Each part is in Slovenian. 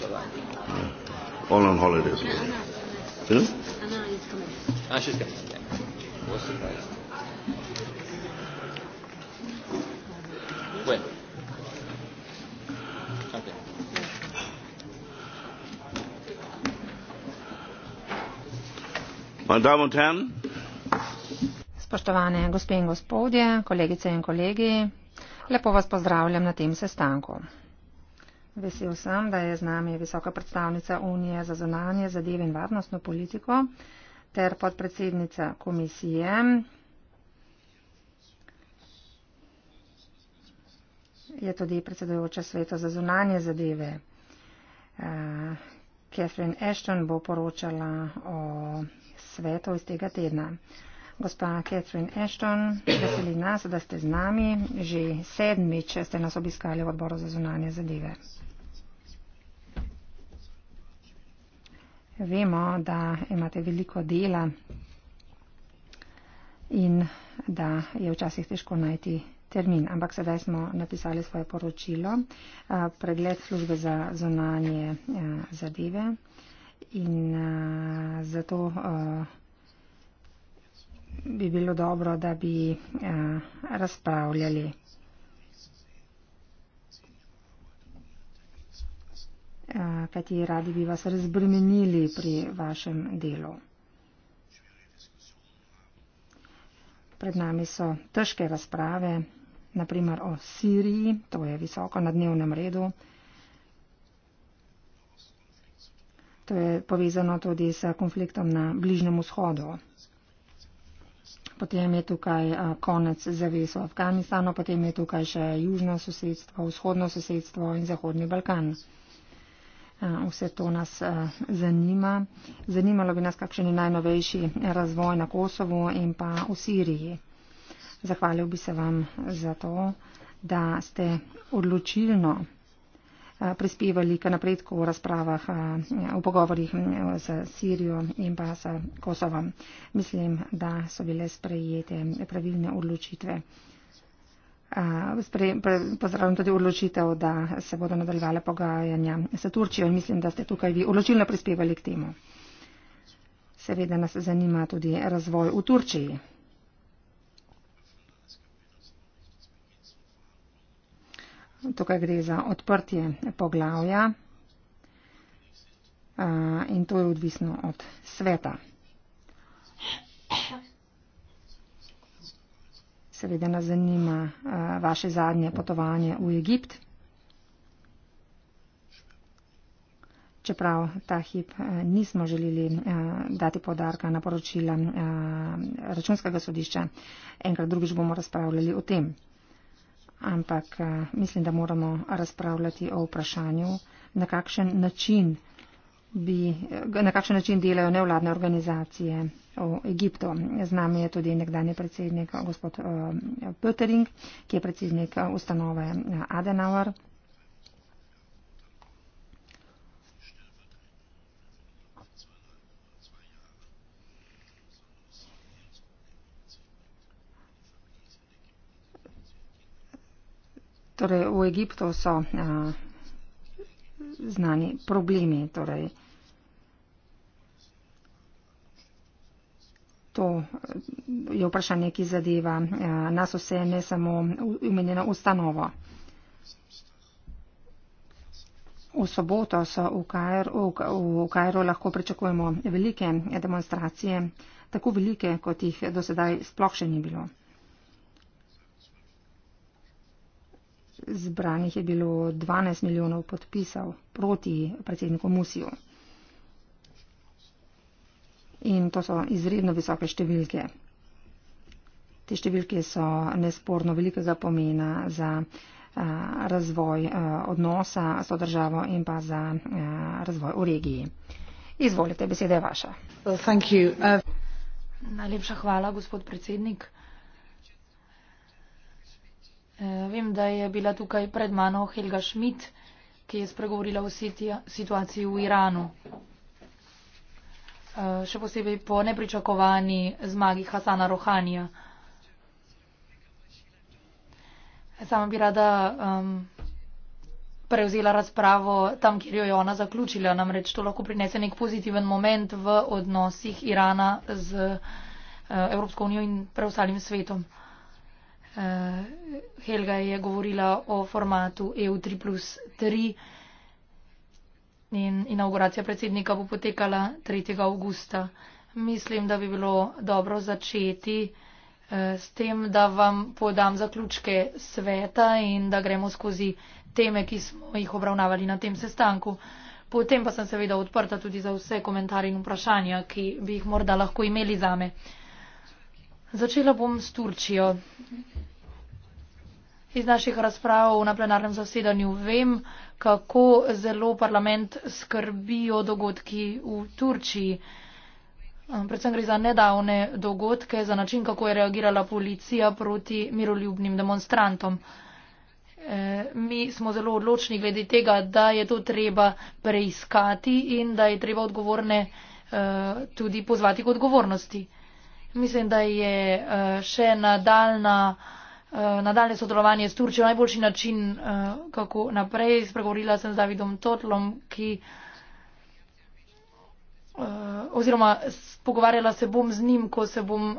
Yeah. Mm. All on holidays. Anna, Anna. Who? Anna is coming. Ah, she's coming. Yeah. What's the price? When? Spoštovane gospe in gospodje, kolegice in kolegi, lepo vas pozdravljam na tem sestanku. Vesel sem, da je z nami visoka predstavnica Unije za zonanje zadeve in varnostno politiko ter podpredsednica komisije. Je tudi predsedujoča sveta za zunanje zadeve. Eh, Catherine Ashton bo poročala o svetu iz tega tedna. Gospa Catherine Ashton, veseli nas, da ste z nami. Že sedmič ste nas obiskali v odboru za zunanje zadeve. Vemo, da imate veliko dela in da je včasih težko najti termin, ampak sedaj smo napisali svoje poročilo, pregled službe za zonanje zadeve in zato bi bilo dobro, da bi razpravljali. Eh, kajti radi bi vas razbremenili pri vašem delu. Pred nami so težke razprave, naprimer o Siriji, to je visoko na dnevnem redu. To je povezano tudi s konfliktom na Bližnjem vzhodu. Potem je tukaj eh, konec zaves v Afganistanu, potem je tukaj še južno sosedstvo, vzhodno sosedstvo in zahodni Balkan. Vse to nas eh, zanima. Zanimalo bi nas, kakšen je najnovejši razvoj na Kosovu in pa v Siriji. Zahvalil bi se vam za to, da ste odločilno eh, prispevali k napredku v razpravah, eh, v pogovorjih z Sirijo in pa s Kosovom. Mislim, da so bile sprejete pravilne odločitve. Eh, pozdravljam tudi odločitev, da se bodo nadaljevale pogajanja s Turčijo in mislim, da ste tukaj vi odločilno prispevali k temu. Seveda nas zanima tudi razvoj v Turčiji. Tukaj gre za odprtje poglavja eh, in to je odvisno od sveta. seveda nas zanima uh, vaše zadnje potovanje v Egipt. Čeprav ta hip eh, nismo želeli eh, dati podarka na poročila računskega sodišča, enkrat drugič bomo razpravljali o tem. Ampak mislim, da moramo razpravljati o vprašanju, na kakšen način bi, na kakšen način delajo nevladne organizacije v Egiptu. Z nami je tudi nekdani predsednik gospod eh, Pötering, ki je predsednik eh, ustanove eh, Adenauer. Torej, v Egiptu so uh, znani problemi. Torej, to eh, je vprašanje, ki zadeva eh, nas vse, ne samo imenjeno ustanovo. V soboto so v, Kajer, v, v Kajru lahko pričakujemo velike demonstracije, tako velike, kot jih do sedaj sploh še ni bilo. zbranih je bilo 12 milijonov podpisov proti predsedniku Musiju. In to so izredno visoke številke. Te številke so nesporno velikega pomena za eh, razvoj eh, odnosa s to državo in pa za eh, razvoj v regiji. Izvolite, beseda je vaša. Well, uh... Najlepša hvala, gospod predsednik. Eh, vem, da je bila tukaj pred mano Helga Schmidt, ki je spregovorila o situaciji v Iranu. Eh, še posebej po nepričakovani zmagi Hasana Rohanija. Sama bi rada um, prevzela razpravo tam, kjer jo je ona zaključila. Namreč to lahko prinese nek pozitiven moment v odnosih Irana z uh, Evropsko unijo in preostalim svetom. Uh, Uh, Helga je govorila o formatu EU3 plus 3 in inauguracija predsednika bo potekala 3. augusta. Mislim, da bi bilo dobro začeti uh, s tem, da vam podam zaključke sveta in da gremo skozi teme, ki smo jih obravnavali na tem sestanku. Potem pa sem seveda odprta tudi za vse komentarje in vprašanja, ki bi jih morda lahko imeli zame. me. Začela bom s Turčijo. Iz naših razprav na plenarnem zasedanju vem, kako zelo parlament skrbijo dogodki v Turčiji. Predvsem gre za nedavne dogodke, za način, kako je reagirala policija proti miroljubnim demonstrantom. E, mi smo zelo odločni glede tega, da je to treba preiskati in da je treba odgovorne e, tudi pozvati k odgovornosti. Mislim, da je eh, še nadaljna, eh, nadaljne sodelovanje s Turčijo najboljši način, eh, kako naprej. Spregovorila sem z Davidom Totlom, ki oziroma pogovarjala se bom z njim, ko se bom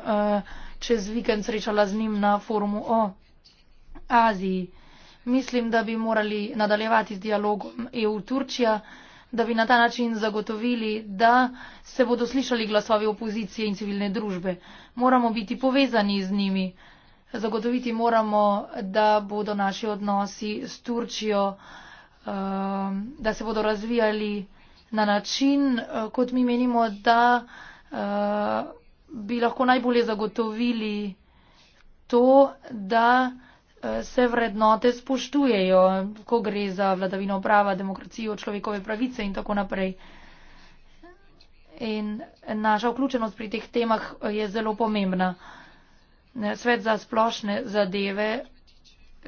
čez vikend srečala z njim na forumu o Aziji. Mislim, da bi morali nadaljevati z dialogom EU-Turčija da bi na ta način zagotovili, da se bodo slišali glasovi opozicije in civilne družbe. Moramo biti povezani z njimi. Zagotoviti moramo, da bodo naši odnosi s Turčijo, um, da se bodo razvijali na način, uh, kot mi menimo, da uh, bi lahko najbolje zagotovili to, da se vrednote spoštujejo, ko gre za vladavino prava, demokracijo, človekove pravice in tako naprej. In naša vključenost pri teh temah je zelo pomembna. Svet za splošne zadeve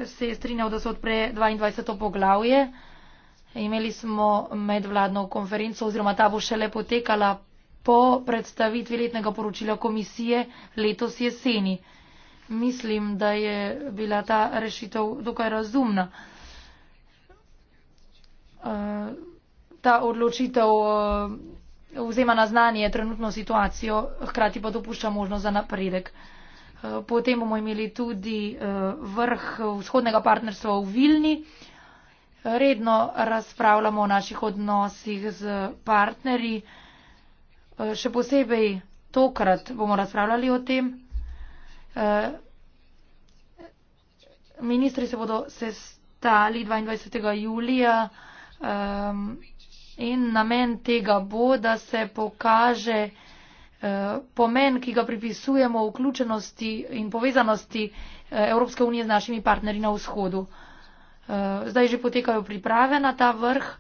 se je strinjal, da so odpre 22. poglavje. Imeli smo medvladno konferenco oziroma ta bo šele potekala po predstavitvi letnega poročila komisije letos jeseni mislim, da je bila ta rešitev dokaj razumna. Eh, ta odločitev eh, vzema na znanje trenutno situacijo, hkrati pa dopušča možnost za napredek. Eh, potem bomo imeli tudi vrh vzhodnega partnerstva v Vilni. Redno razpravljamo o naših odnosih z partnerji. Še posebej tokrat bomo razpravljali o tem. Eh, ministri se bodo sestali 22. julija um, in namen tega bo, da se pokaže uh, pomen, ki ga pripisujemo vključenosti in povezanosti uh, Evropske unije z našimi partnerji na vzhodu. Uh, zdaj že potekajo priprave na ta vrh.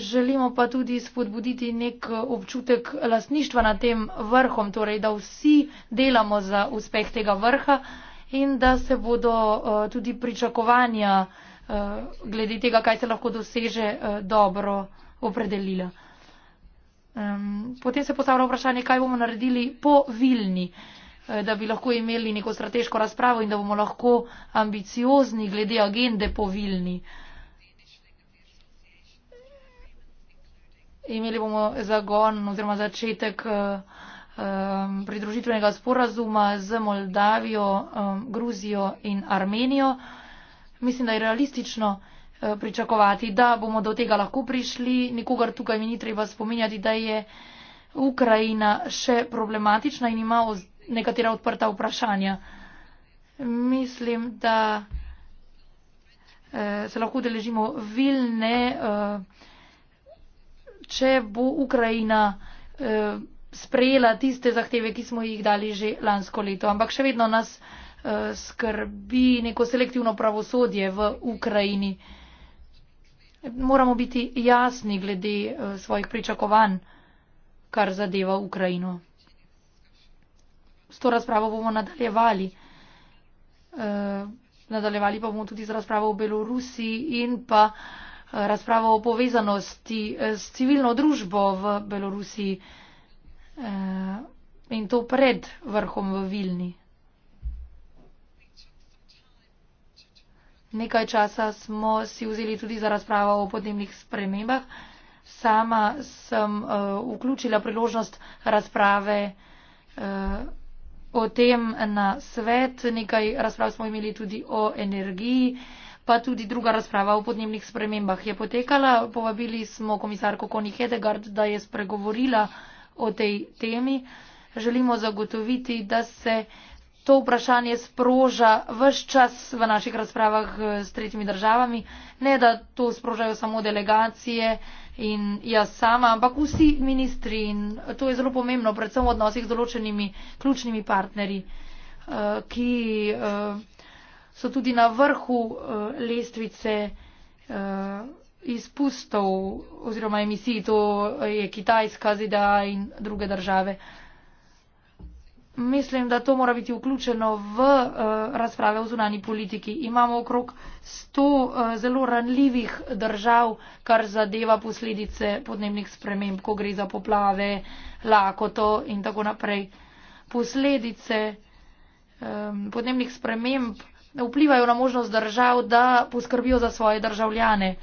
Želimo pa tudi spodbuditi nek občutek lastništva nad tem vrhom, torej da vsi delamo za uspeh tega vrha in da se bodo eh, tudi pričakovanja eh, glede tega, kaj se lahko doseže, eh, dobro opredelila. Potem se postavlja vprašanje, kaj bomo naredili po Vilni, da bi lahko imeli neko strateško razpravo in da bomo lahko ambiciozni glede agende po Vilni. imeli bomo zagon oziroma začetek eh, eh, pridružitvenega sporazuma z Moldavijo, eh, Gruzijo in Armenijo. Mislim, da je realistično pričakovati, da bomo do tega lahko prišli. Nikogar tukaj mi ni treba spominjati, da je Ukrajina še problematična in ima nekatera odprta vprašanja. Mislim, da se lahko deležimo vilne. Uh, če bo Ukrajina eh, sprejela tiste zahteve, ki smo jih dali že lansko leto. Ampak še vedno nas eh, skrbi neko selektivno pravosodje v Ukrajini. Moramo biti jasni glede eh, svojih pričakovanj, kar zadeva Ukrajino. S to razpravo bomo nadaljevali. Eh, nadaljevali pa bomo tudi z razpravo o Belorusiji in pa razpravo o povezanosti eh, s civilno družbo v Belorusiji eh, in to pred vrhom v Vilni. Nekaj časa smo si vzeli tudi za razpravo o podnebnih spremembah. Sama sem uh, vključila priložnost razprave uh, o tem na svet. Nekaj razprav smo imeli tudi o energiji. Uh, pa tudi druga razprava o podnebnih spremembah je potekala. Povabili smo komisarko Koni Hedegard, da je spregovorila o tej temi. Želimo zagotoviti, da se to vprašanje sproža vse čas v naših razpravah eh, s tretjimi državami, ne da to sprožajo samo delegacije in jaz sama, ampak vsi ministri in to je zelo pomembno, predvsem v odnosih z določenimi ključnimi partnerji, eh, ki eh, so tudi na vrhu eh, lestvice eh, izpustov oziroma emisij, to je Kitajska, ZDA in druge države. Mislim, da to mora biti vključeno v uh, razprave o zunani politiki. Imamo okrog 100 uh, zelo ranljivih držav, kar zadeva posledice podnebnih sprememb, ko gre za poplave, lakoto in tako naprej. Posledice um, podnebnih sprememb vplivajo na možnost držav, da poskrbijo za svoje državljane.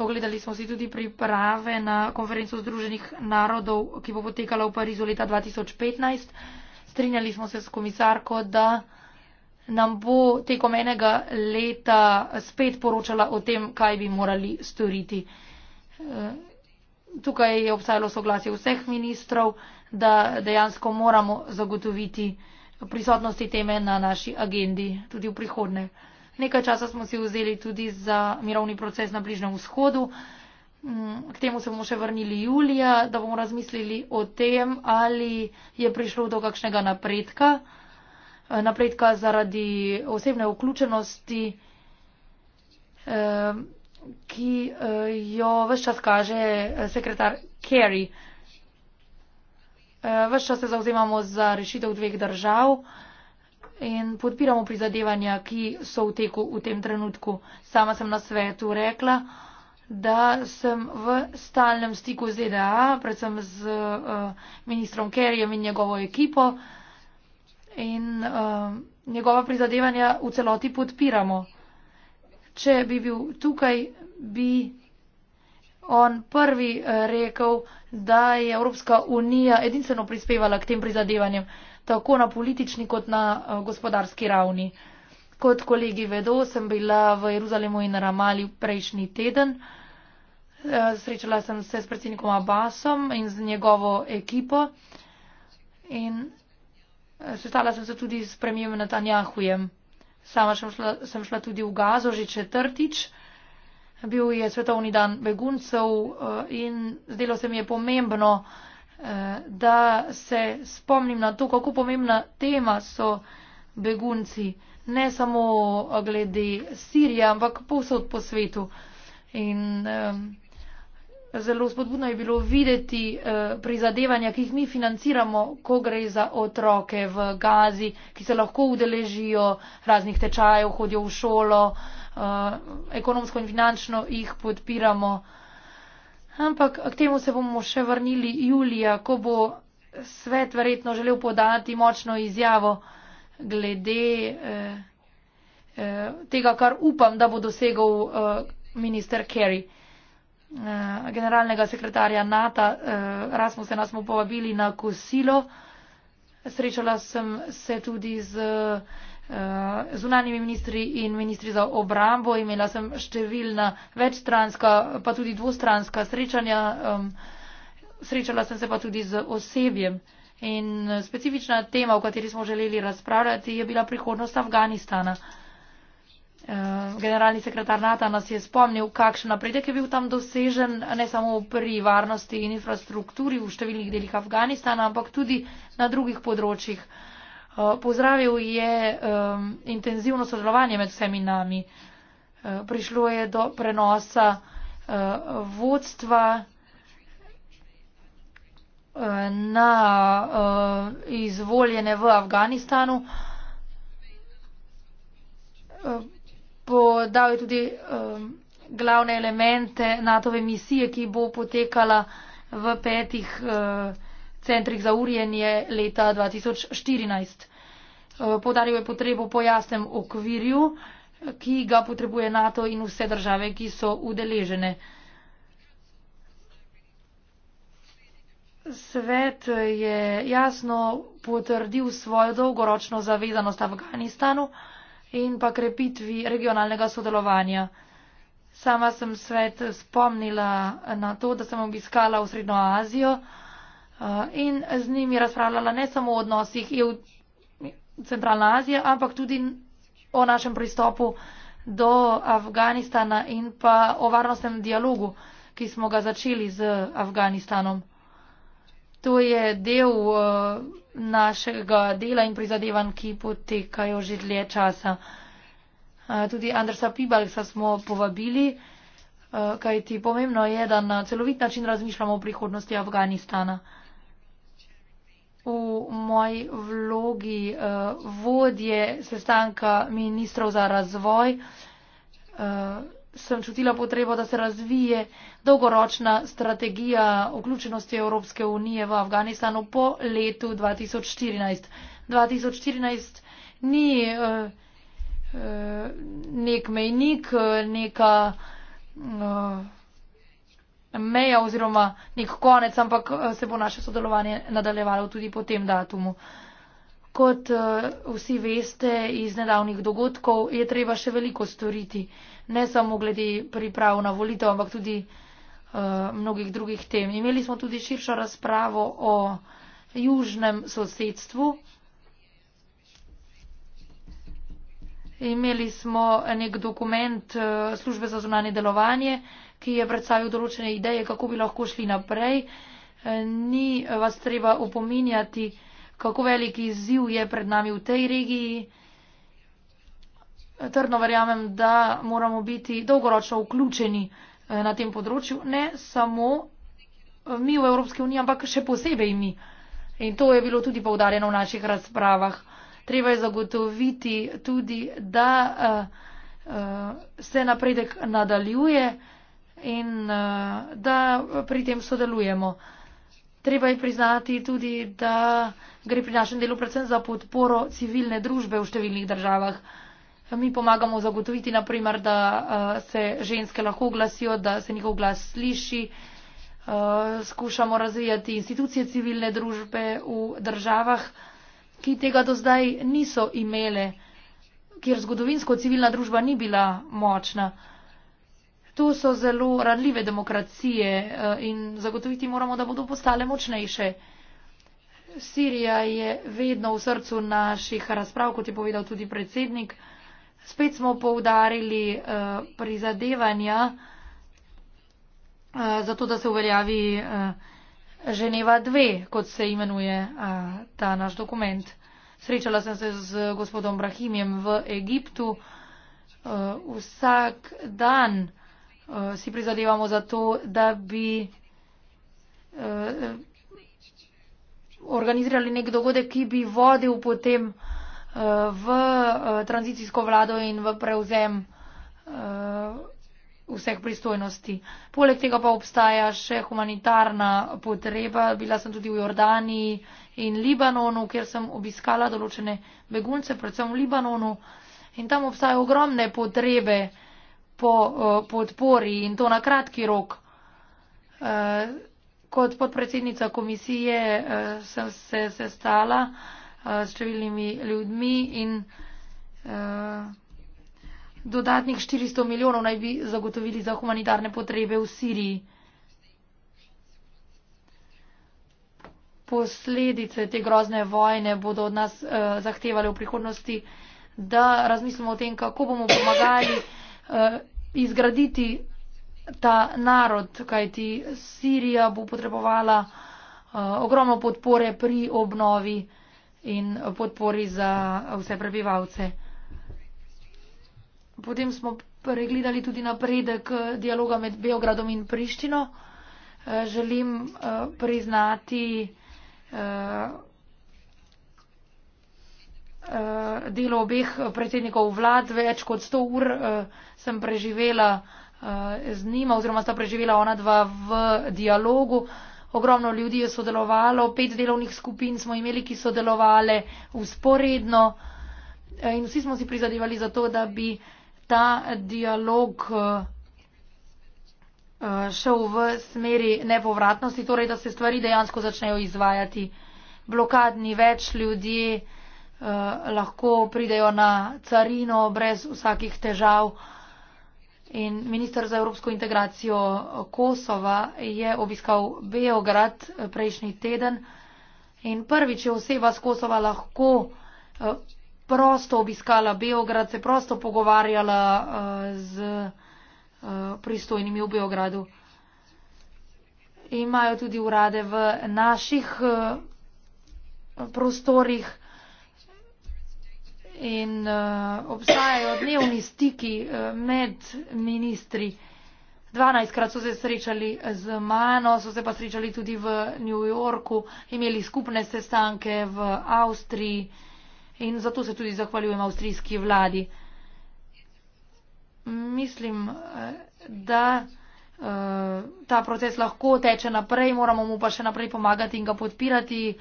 Ogledali smo si tudi priprave na konferenco Združenih narodov, ki bo potekala v Parizu leta 2015. Strinjali smo se s komisarko, da nam bo tekom enega leta spet poročala o tem, kaj bi morali storiti. Tukaj je obstajalo soglasje vseh ministrov da dejansko moramo zagotoviti prisotnosti teme na naši agendi tudi v prihodne. Nekaj časa smo si vzeli tudi za mirovni proces na Bližnem vzhodu. Mm, k temu se bomo še vrnili julija, da bomo razmislili o tem, ali je prišlo do kakšnega napredka, e, napredka zaradi osebne vključenosti, e, ki e, jo vse čas kaže sekretar Kerry. Ves čas se zauzemamo za rešitev dveh držav in podpiramo prizadevanja, ki so v teku v tem trenutku. Sama sem na svetu rekla, da sem v stalnem stiku z EDA, predvsem z uh, ministrom Kerjem in njegovo ekipo in uh, njegova prizadevanja v celoti podpiramo. Če bi bil tukaj, bi on prvi eh, rekel, da je Evropska unija edinstveno prispevala k tem prizadevanjem, tako na politični kot na eh, gospodarski ravni. Kot kolegi vedo, sem bila v Jeruzalemu in Ramali prejšnji teden. Eh, srečala sem se s predsednikom Abbasom in z njegovo ekipo. In sestala sem se tudi s premijem Natanjahujem. Sama sem šla, sem šla tudi v Gazo že četrtič. Bil je svetovni dan beguncev eh, in zdelo se mi je pomembno, eh, da se spomnim na to, kako pomembna tema so begunci, ne samo glede Sirije, ampak povsod po svetu. In eh, zelo spodbudno je bilo videti prizadevanja, ki jih mi financiramo, ko gre za otroke v Gazi, ki se lahko udeležijo raznih tečajev, hodijo v šolo. Eh, ekonomsko in finančno jih podpiramo. Ampak k temu se bomo še vrnili julija, ko bo svet verjetno želel podati močno izjavo glede eh, eh, tega, kar upam, da bo dosegel minister Kerry. Generalnega sekretarja NATO, Rasmuse, nas smo povabili na kosilo. Srečala sem se tudi z Eh, zunanimi ministri in ministri za obrambo. Imela sem številna večstranska, pa tudi dvostranska srečanja. Srečala sem se pa tudi z osebjem. In specifična tema, o kateri smo želeli razpravljati, je bila prihodnost Afganistana. Eh, generalni sekretar NATO nas je spomnil, kakšen napredek je bil tam dosežen, ne samo pri varnosti in infrastrukturi v številnih delih Afganistana, ampak tudi na drugih področjih. Eh, pozdravil je um, intenzivno sodelovanje med vsemi nami. Eh, prišlo je do prenosa uh, vodstva na uh, izvoljene v Afganistanu. Podal je tudi um, glavne elemente NATO-ve misije, ki bo potekala v petih uh, centrih za urjenje leta 2014. Povdaril je potrebo po jasnem okvirju, ki ga potrebuje NATO in vse države, ki so udeležene. Svet je jasno potrdil svojo dolgoročno zavezanost Afganistanu in pa krepitvi regionalnega sodelovanja. Sama sem svet spomnila na to, da sem obiskala v Srednjo Azijo eh, in z njimi razpravljala ne samo o odnosih EU centralna Azija, ampak tudi o našem pristopu do Afganistana in pa o varnostnem dialogu, ki smo ga začeli z Afganistanom. To je del eh, našega dela in prizadevanj, ki potekajo že dlje časa. Eh, tudi Andersa Pibalsa smo povabili, eh, kajti pomembno je, da na celovit način razmišljamo o prihodnosti Afganistana v moji vlogi uh, vodje sestanka ministrov za razvoj uh, sem čutila potrebo, da se razvije dolgoročna strategija vključenosti Evropske unije v Afganistanu po letu 2014. 2014 ni uh, uh, nek mejnik, neka. Uh, meja oziroma nek konec, ampak eh, se bo naše sodelovanje nadaljevalo tudi po tem datumu. Kot eh, vsi veste iz nedavnih dogodkov, je treba še veliko storiti, ne samo glede priprav na volitev, ampak tudi uh, mnogih drugih tem. Imeli smo tudi širšo razpravo o južnem sosedstvu, Imeli smo nek dokument eh, službe za zunanje delovanje, ki je predstavil določene ideje, kako bi lahko šli naprej. Eh, ni vas treba upominjati, kako veliki izziv je pred nami v tej regiji. Trdno verjamem, da moramo biti dolgoročno vključeni eh, na tem področju, ne samo mi v Evropski uniji, ampak še posebej mi. In to je bilo tudi poudarjeno v naših razpravah treba je zagotoviti tudi, da eh, eh, se napredek nadaljuje in eh, da pri tem sodelujemo. Treba je priznati tudi, da gre pri našem delu predvsem za podporo civilne družbe v številnih državah. Mi pomagamo zagotoviti, naprimer, da se ženske lahko glasijo, da se njihov glas sliši. Skušamo razvijati institucije civilne družbe v državah ki tega do zdaj niso imele, kjer zgodovinsko civilna družba ni bila močna. To so zelo radljive demokracije eh, in zagotoviti moramo, da bodo postale močnejše. Sirija je vedno v srcu naših razprav, kot je povedal tudi predsednik. Spet smo poudarili eh, prizadevanja eh, za to, da se uveljavi Ženeva 2, kot se imenuje a, ta naš dokument. Srečala sem se z gospodom Brahimjem v Egiptu. A, e, vsak dan a, e, si prizadevamo za to, da bi a, e, organizirali nek dogodek, ki bi vodil potem a, v a, tranzicijsko vlado in v prevzem. A, vseh pristojnosti. Poleg tega pa obstaja še humanitarna potreba. Bila sem tudi v Jordaniji in Libanonu, kjer sem obiskala določene begunce, predvsem v Libanonu. In tam obstaja ogromne potrebe po uh, podpori in to na kratki rok. Uh, kot podpredsednica komisije uh, sem se sestala uh, s številnimi ljudmi in uh, Dodatnih 400 milijonov naj bi zagotovili za humanitarne potrebe v Siriji. Posledice te grozne vojne bodo od nas uh, eh, zahtevali v prihodnosti, da razmislimo o tem, kako bomo pomagali uh, izgraditi ta narod, kajti Sirija bo potrebovala uh, ogromno podpore pri obnovi in podpori za vse prebivalce. Potem smo pregledali tudi napredek eh, dialoga med Beogradom in Prištino. Eh, želim eh, priznati delo obeh predsednikov vlad. Več kot 100 ur sem preživela z njima oziroma sta preživela ona dva v dialogu. Ogromno ljudi je sodelovalo, pet delovnih skupin smo imeli, ki so delovale usporedno in vsi smo si prizadevali za to, da bi ta dialog eh, eh, šel v smeri nepovratnosti, torej da se stvari dejansko začnejo izvajati. Blokadni več ljudi eh, lahko pridejo na carino brez vsakih težav. In minister za evropsko integracijo Kosova je obiskal Beograd eh, prejšnji teden in prvič je oseba z Kosova lahko eh, prosto obiskala Beograd, se prosto pogovarjala uh, z uh, pristojnimi v Beogradu. Imajo tudi urade v naših uh, prostorih in uh, obstajajo dnevni stiki uh, med ministri. Dvanajstkrat so se srečali z mano, so se pa srečali tudi v New Yorku, imeli skupne sestanke v Avstriji. Uh, in zato se tudi zahvaljujem avstrijski vladi. Mislim, eh, da eh, ta proces lahko teče naprej, moramo mu pa še naprej pomagati in ga podpirati.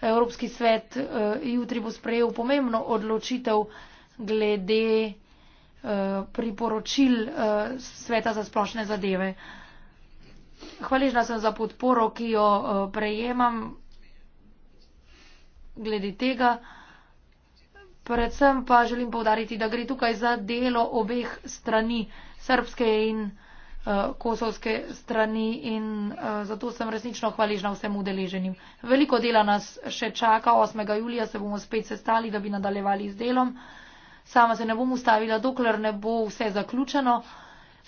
Evropski svet eh, jutri bo sprejel pomembno odločitev glede priporočil sveta za splošne zadeve. Hvaležna sem za podporo, ki jo prejemam glede tega predvsem pa želim povdariti, da gre tukaj za delo obeh strani, srpske in uh, kosovske strani in uh, zato sem resnično hvaležna vsem udeleženim. Veliko dela nas še čaka, 8. julija se bomo spet sestali, da bi nadaljevali z delom. Sama se ne bom ustavila, dokler ne bo vse zaključeno.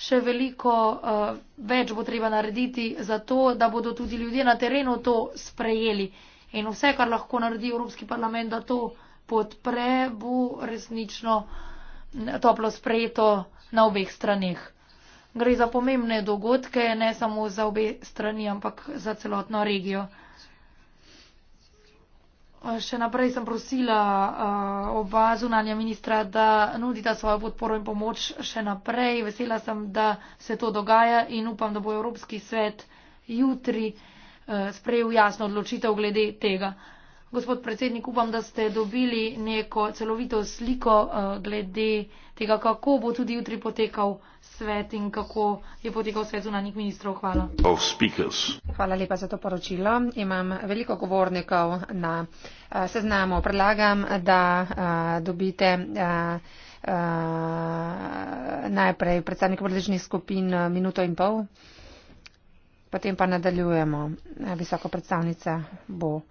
Še veliko uh, več bo treba narediti za to, da bodo tudi ljudje na terenu to sprejeli. In vse, kar lahko naredi Evropski parlament, da to podpre, bo resnično toplo sprejeto na obeh stranih. Gre za pomembne dogodke, ne samo za obe strani, ampak za celotno regijo. Še naprej sem prosila uh, oba zunanja ministra, da nudita svojo podporo in pomoč še naprej. Vesela sem, da se to dogaja in upam, da bo Evropski svet jutri uh, sprejel jasno odločitev glede tega. Uh, Gospod predsednik, upam, da ste dobili neko celovito sliko eh, glede tega, kako bo tudi jutri potekal svet in kako je potekal svet zunanjih ministrov. Hvala. Hvala lepa za to poročilo. Imam veliko govornikov na eh, seznamu. Predlagam, da eh, dobite. Uh, najprej predstavnik obrežnih skupin minuto in pol, potem pa nadaljujemo. Visoka predstavnica bo.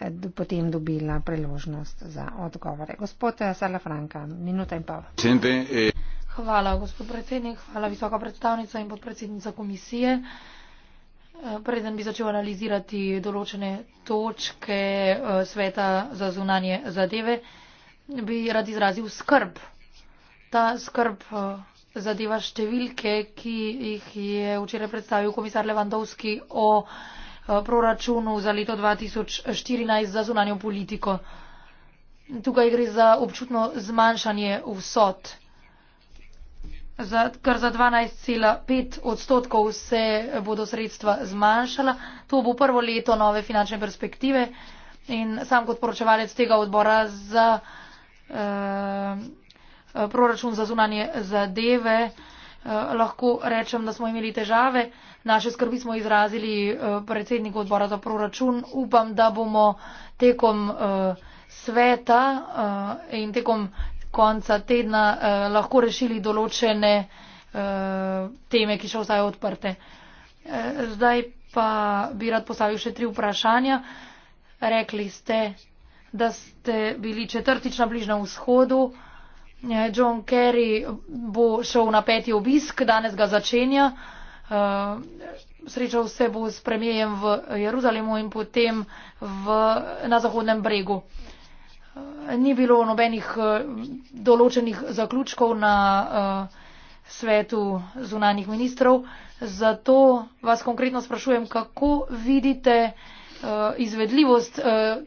Eh, potem dobila priložnost za odgovore. Gospod eh, Salafranka, minuta in pol. Eh, hvala, gospod predsednik, hvala visoka predstavnica in podpredsednica komisije. Preden bi začel analizirati določene točke sveta za zunanje zadeve, bi rad izrazil skrb. Ta skrb zadeva številke, ki jih je včeraj predstavil komisar Levandovski o Eh, proračunu za leto 2014 za zunanjo politiko. Tukaj gre za občutno zmanjšanje vsot. Za, kar za 12,5 odstotkov se bodo sredstva zmanjšala. To bo prvo leto nove finančne perspektive in sam kot poročevalec tega odbora za eh, proračun za zunanje zadeve eh, Eh, lahko rečem, da smo imeli težave. Naše skrbi smo izrazili eh, predsedniku odbora za proračun. Upam, da bomo tekom eh, sveta in tekom konca tedna lahko rešili določene teme, ki še ostajajo odprte. Zdaj pa bi rad postavil še tri vprašanja. Rekli ste, da ste bili četrtič na Bližnem vzhodu. John Kerry bo šel na peti obisk, danes ga začenja. Eh, srečal se bo s premijejem v Jeruzalemu in potem v, na Zahodnem bregu. Eh, ni bilo nobenih eh, določenih zaključkov na svetu zunanih ministrov, zato vas konkretno sprašujem, kako vidite izvedljivost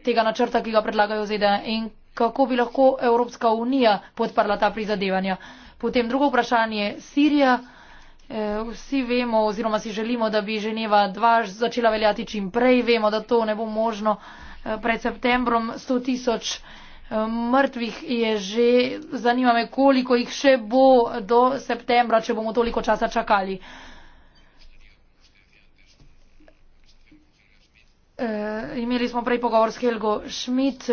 tega načrta, ki ga predlagajo ZDA in kako bi lahko Evropska unija podprla ta prizadevanja. Potem drugo vprašanje, Sirija. E, vsi vemo oziroma si želimo, da bi Ženeva 2 začela veljati čim prej. Vemo, da to ne bo možno e, pred septembrom. 100 tisoč e, mrtvih je že. Zanima me, koliko jih še bo do septembra, če bomo toliko časa čakali. E, imeli smo prej pogovor s Helgo Schmidt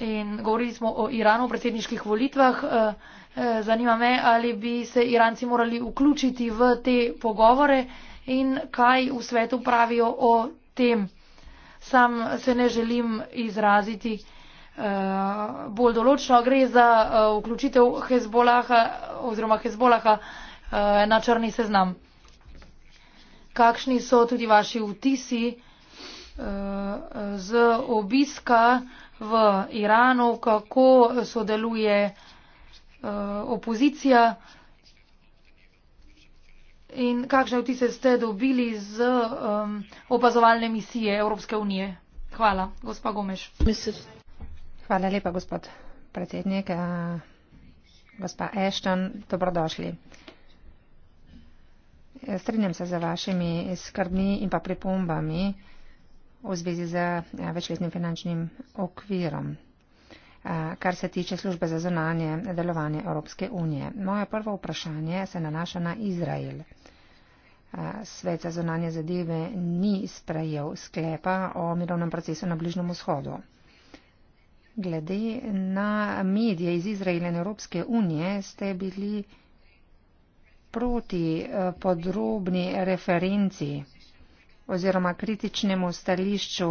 in govorili smo o Iranu v predsedniških volitvah. Eh, eh, zanima me, ali bi se Iranci morali vključiti v te pogovore in kaj v svetu pravijo o tem. Sam se ne želim izraziti eh, bolj določno. Gre za vključitev Hezbolaha oziroma Hezbolaha na črni seznam. Kakšni so tudi vaši vtisi z obiska? v Iranu, kako sodeluje eh, opozicija in kakšne vtise ste dobili z opazovalne misije Evropske unije. Hvala, gospa Gomeš. Hvala lepa, gospod predsednik. Eh, gospa Ashton, dobrodošli. Eh, strinjam se za vašimi skrbmi in pa pripombami v zvezi z eh, večletnim finančnim okvirom, eh, kar se tiče službe za zonanje delovanje Evropske unije. Moje prvo vprašanje se nanaša na Izrael. Eh, Svet za zonanje zadeve ni sprejel sklepa o mirovnem procesu na Bližnjem vzhodu. Glede na medije iz Izraela in Evropske unije ste bili proti podrobni referenciji oziroma kritičnemu stališču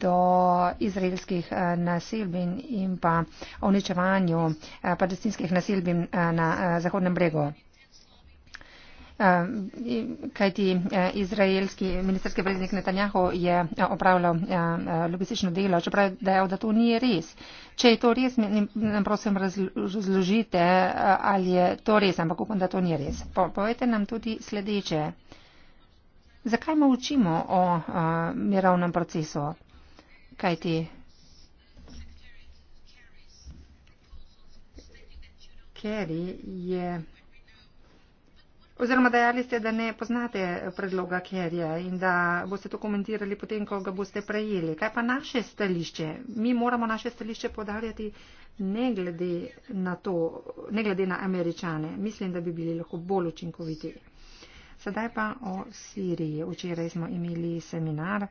do izraelskih eh, naselbin in pa uničevanju eh, palestinskih naselbin eh, na Zahodnem bregu. Kajti izraelski ministerski predsednik Netanjahu je opravljal logistično delo, čeprav da, da to ni res. Če je to res, nam prosim razložite, ali je to res, ampak upam, da to ni res. Povejte nam tudi sledeče. Zakaj me učimo o a, mirovnem procesu? Kaj ti? Kerry je. Oziroma, dejali ste, da ne poznate predloga Kerija in da boste to komentirali potem, ko ga boste prejeli. Kaj pa naše stališče? Mi moramo naše stališče podarjati ne glede na to, ne glede na američane. Mislim, da bi bili lahko bolj učinkoviti. Sedaj pa o Siriji. Včeraj smo imeli seminar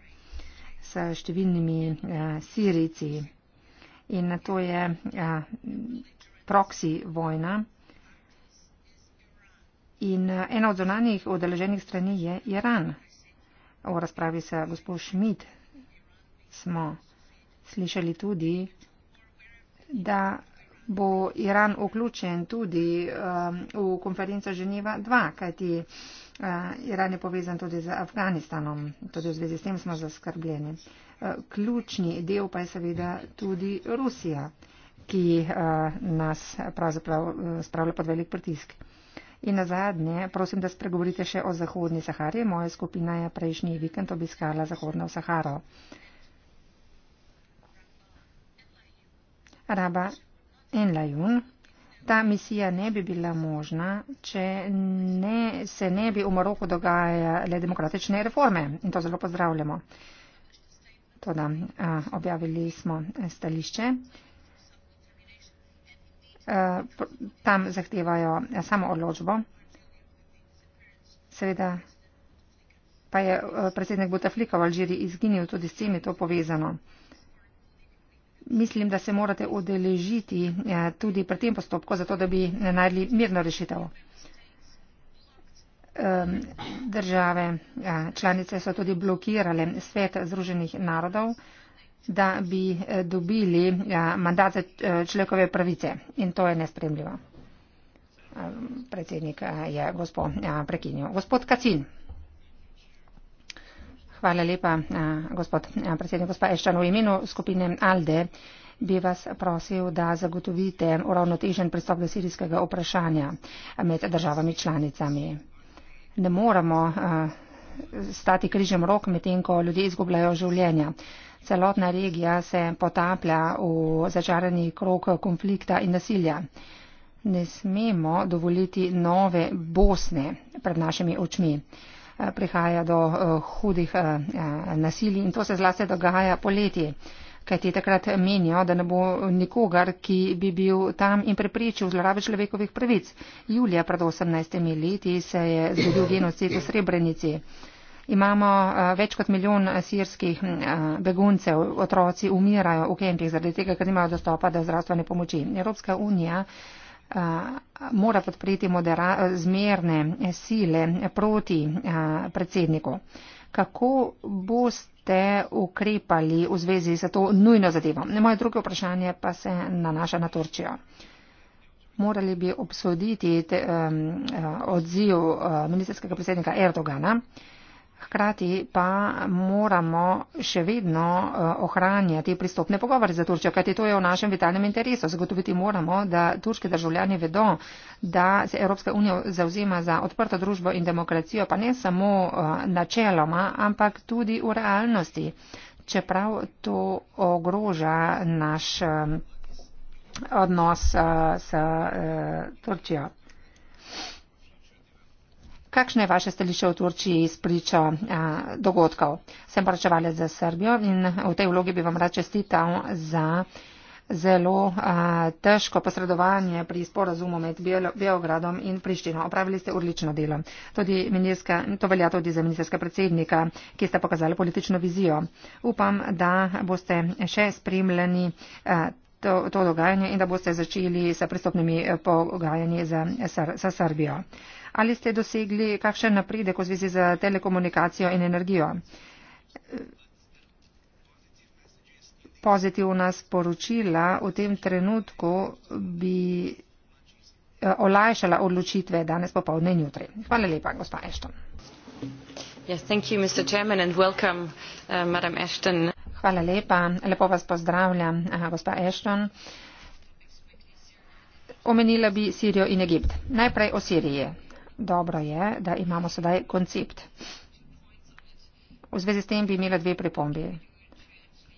s številnimi uh, Sirici in to je uh, eh, proksi vojna. In uh, ena od zonanjih odeleženih strani je Iran. V razpravi sa gospod Šmit smo slišali tudi, da bo Iran vključen tudi um, v konferenco Ženeva 2, kajti uh, Eh, Iran je povezan tudi z Afganistanom, tudi v zvezi s tem smo zaskrbljeni. Eh, ključni del pa je seveda tudi Rusija, ki eh, nas pravzaprav spravlja pod velik pritisk. In na zadnje, prosim, da spregovorite še o Zahodni Sahari. Moja skupina je prejšnji vikend obiskala Zahodno Saharo. Raba Enlajun. Ta misija ne bi bila možna, če ne, se ne bi v Maroku dogajale demokratične reforme. In to zelo pozdravljamo. Toda a, objavili smo stališče. A, tam zahtevajo samo odločbo. Seveda pa je predsednik Butaflika v Alžiriji izginil tudi s tem je to povezano mislim, da se morate odeležiti eh, tudi pri tem postopku, zato da bi najdli mirno rešitev. Države eh, članice so tudi blokirale svet Združenih narodov, da bi eh, dobili mandat za človekove pravice in to je nespremljivo. Predsednik je gospod prekinil. Gospod Kacin. Hvala lepa, eh, gospod eh, predsednik, gospod Eščan. V imenu skupine Alde bi vas prosil, da zagotovite uravnotežen pristop do sirijskega vprašanja med državami članicami. Ne moramo eh, stati križem rok med tem, ko ljudje izgubljajo življenja. Celotna regija se potaplja v začarani krok konflikta in nasilja. Ne smemo dovoliti nove Bosne pred našimi očmi. Eh, prihaja do eh, hudih eh, nasilij in to se zlasti dogaja poleti. Kaj ti takrat menijo, da ne bo nikogar, ki bi bil tam in preprečil zlorabe človekovih pravic. Julija pred 18 leti se je zgodil genocid v Srebrenici. Imamo več kot milijon sirskih beguncev, otroci umirajo v kempih zaradi tega, ker nimajo dostopa do zdravstvene pomoči. Evropska unija mora podpreti modera, zmerne sile proti predsedniku. Kako boste ukrepali v zvezi z to nujno zadevo? Moje druge vprašanje pa se nanaša na Turčijo. Morali bi obsoditi te, um, odziv ministerskega predsednika Erdogana. Uh, Hkrati pa moramo še vedno eh, ohranjati pristopne pogovore za Turčijo, kajti to je v našem vitalnem interesu. Zagotoviti moramo, da turški državljani vedo, da se Evropska unija zauzema za odprto družbo in demokracijo, pa ne samo eh, načeloma, ampak tudi v realnosti, čeprav to ogroža naš eh, odnos s Turčijo. Kakšno je vaše stališče v Turčiji iz priča dogodkov? Sem poročevalec za Srbijo in v tej vlogi bi vam rad čestital za zelo a, težko posredovanje pri sporazumu med Beogradom in Prištino. Opravili ste odlično delo. Tudi to velja tudi za ministerska predsednika, ki ste pokazali politično vizijo. Upam, da boste še spremljeni a, to, to dogajanje in da boste začeli s pristopnimi eh, pogajanji za, sa, sa Srbijo ali ste dosegli kakšen napredek v zvezi z telekomunikacijo in energijo? Pozitivna sporočila v tem trenutku bi eh, olajšala odločitve danes popovdne in jutri. Hvala lepa, gospa Ashton. Yes, thank you, Mr. Chairman, and welcome, uh, Madam Ashton. Hvala lepa, lepo vas pozdravljam, gospa Ashton. Omenila bi Sirijo in Egipt. Najprej o Siriji dobro je, da imamo sedaj koncept. V zvezi s tem bi imela dve pripombi.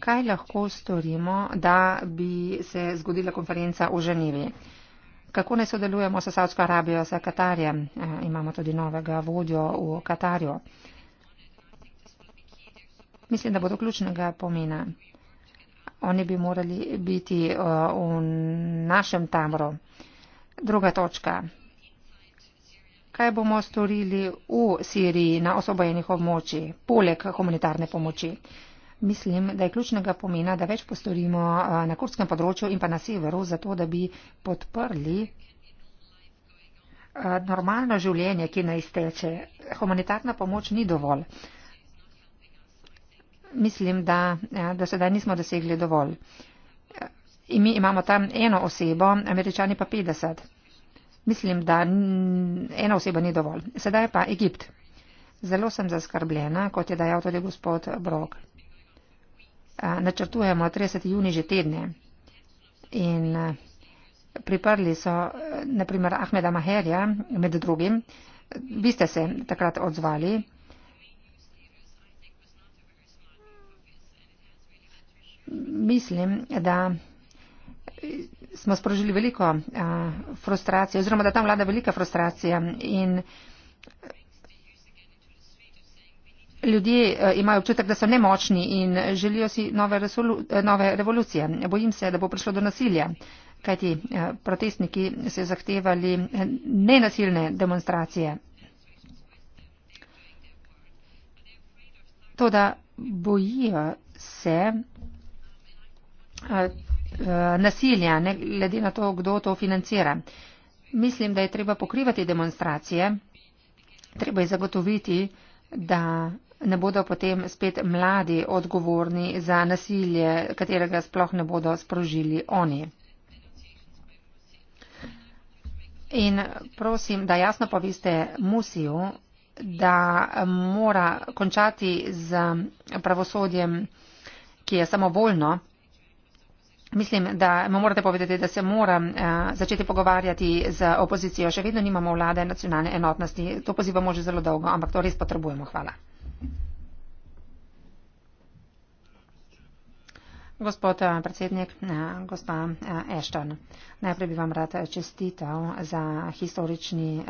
Kaj lahko storimo, da bi se zgodila konferenca v Ženevi? Kako ne sodelujemo s Saudsko Arabijo, s Katarjem? E, imamo tudi novega vodjo v Katarju. Mislim, da bo to ključnega pomena. Oni bi morali biti uh, v našem tamru. Druga točka kaj bomo storili v Siriji na osvobojenih območjih, poleg humanitarne pomoči. Mislim, da je ključnega pomena, da več postorimo eh, na kurdskem področju in pa na severu, zato da bi podprli eh, normalno življenje, ki naj steče. Humanitarna pomoč ni dovolj. Mislim, da eh, do sedaj nismo dosegli dovolj. In mi imamo tam eno osebo, američani pa 50. Mislim, da ena oseba ni dovolj. Sedaj pa Egipt. Zelo sem zaskrbljena, kot je dejal tudi gospod Brok. Načrtujemo 30. juni že tedne in priprli so naprimer Ahmeda Maherja med drugim. Vi ste se takrat odzvali. Mislim, da smo sprožili veliko uh, frustracije oziroma da tam vlada velika frustracija in eh, ljudje uh, imajo občutek, da so nemočni in želijo si nove, nove revolucije. Bojim se, da bo prišlo do nasilja, kajti uh, protestniki se zahtevali nenasilne demonstracije. Toda bojijo se. Uh, Eh, nasilja, ne glede na to, kdo to financira. Mislim, da je treba pokrivati demonstracije, treba je zagotoviti, da ne bodo potem spet mladi odgovorni za nasilje, katerega sploh ne bodo sprožili oni. In prosim, da jasno poveste Musiju, da mora končati z pravosodjem, ki je samovoljno Mislim, da mu morate povedati, da se mora uh, začeti pogovarjati z opozicijo. Še vedno nimamo vlade nacionalne enotnosti. To pozivamo že zelo dolgo, ampak to res potrebujemo. Hvala. Gospod eh, predsednik, eh, gospa Ešton, najprej bi vam rad čestital za historični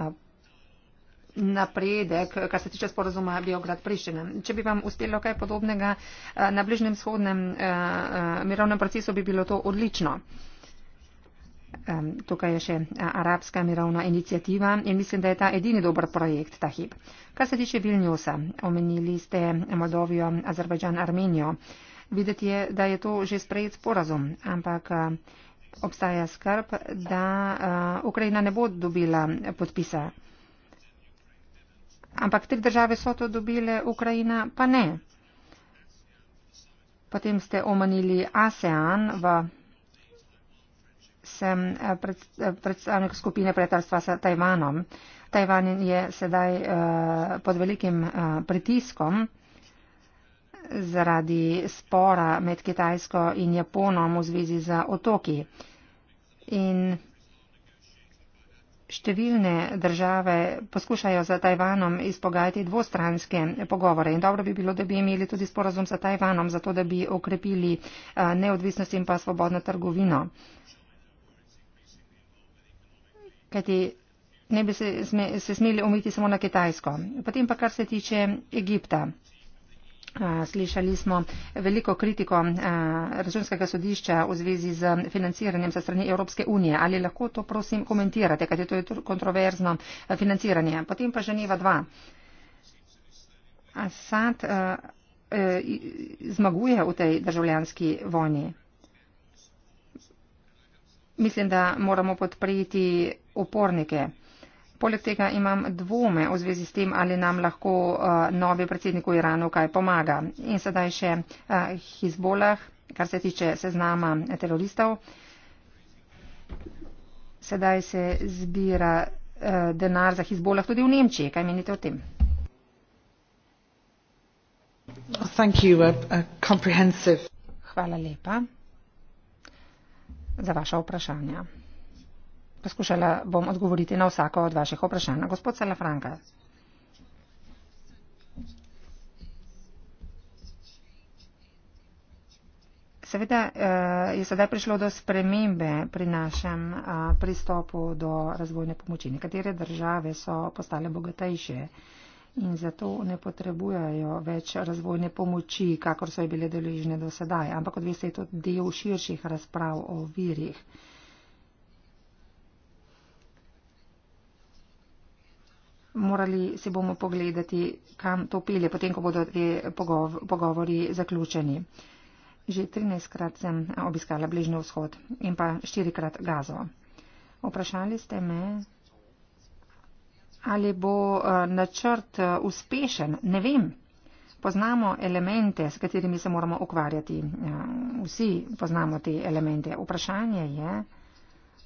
napredek, kar se tiče sporozuma Biograd-Priština. Če bi vam uspelo kaj podobnega eh, na bližnjem shodnem eh, eh, mirovnem procesu, bi bilo to odlično. Tukaj je še arabska mirovna inicijativa in mislim, da je ta edini dober projekt, ta hip. Kar se tiče Vilniusa, omenili ste Moldovijo, Azerbajdžan, Armenijo. Videti je, da je to že sprejet sporazum, ampak obstaja skrb, da Ukrajina ne bo dobila podpisa. Ampak tri države so to dobile, Ukrajina pa ne. Potem ste omenili ASEAN, v sem eh, pred, eh, predstavnik skupine prijateljstva s Tajvanom. Tajvan je sedaj uh, pod velikim uh, pritiskom zaradi spora med Kitajsko in Japonom v zvezi z otoki. In Številne države poskušajo za Tajvanom izpogajati dvostranske pogovore in dobro bi bilo, da bi imeli tudi sporazum za Tajvanom, zato da bi okrepili eh, neodvisnost in pa svobodno trgovino. Kajti ne bi se, sme, se smeli omiti samo na Kitajsko. Potem pa kar se tiče Egipta. Slišali smo veliko kritiko računskega sodišča v zvezi z financiranjem sa strani Evropske unije. Ali lahko to, prosim, komentirate, kajte to je kontroverzno financiranje? Potem pa Ženeva 2. Assad uh, zmaguje v tej državljanski vojni. Mislim, da moramo podpreti upornike. Poleg tega imam dvome v zvezi s tem, ali nam lahko eh, novi predsednik v Iranu kaj pomaga. In sedaj še eh, Hizbolah, kar se tiče seznama teroristov. Sedaj se zbira eh, denar za Hizbolah tudi v Nemčiji. Kaj menite o tem? Hvala lepa za vaša vprašanja. Poskušala bom odgovoriti na vsako od vaših vprašanj. Gospod Salafranka. Seveda eh, je sedaj prišlo do spremembe pri našem eh, pristopu do razvojne pomoči. Nekatere države so postale bogatejše in zato ne potrebujejo več razvojne pomoči, kakor so je bile deležne do sedaj, ampak odveste je to del širših razprav o virih. morali se bomo pogledati, kam to pelje, potem, ko bodo te pogovor, pogovori zaključeni. Že 13krat sem obiskala Bližnji vzhod in pa 4krat Gazo. Vprašali ste me, ali bo eh, načrt eh, uspešen. Ne vem. Poznamo elemente, s katerimi se moramo ukvarjati. Eh, vsi poznamo te elemente. Vprašanje je,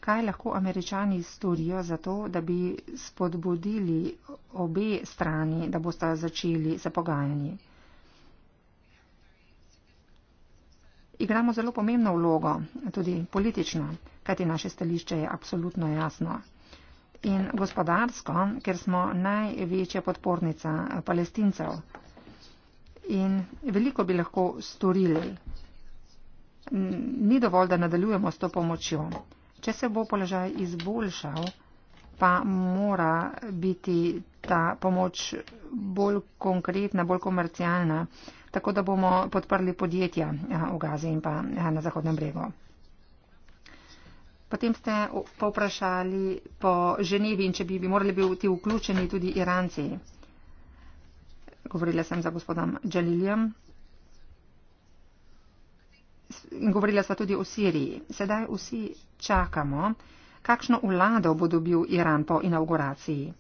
kaj lahko američani storijo za to, da bi spodbudili obe strani, da boste začeli za pogajanje. Igramo zelo pomembno vlogo, tudi politično, kajti naše stališče je absolutno jasno. In gospodarsko, ker smo največja podpornica palestincev. In veliko bi lahko storili. Ni dovolj, da nadaljujemo s to pomočjo. Če se bo položaj izboljšal, pa mora biti ta pomoč bolj konkretna, bolj komercialna, tako da bomo podprli podjetja v Gazi in pa na Zahodnem bregu. Potem ste povprašali po Ženevi in če bi, bi morali biti vključeni tudi Iranci. Govorila sem za gospodom Džalilijem govorila sva tudi o Siriji. Sedaj vsi čakamo, kakšno vlado bo dobil Iran po inauguraciji.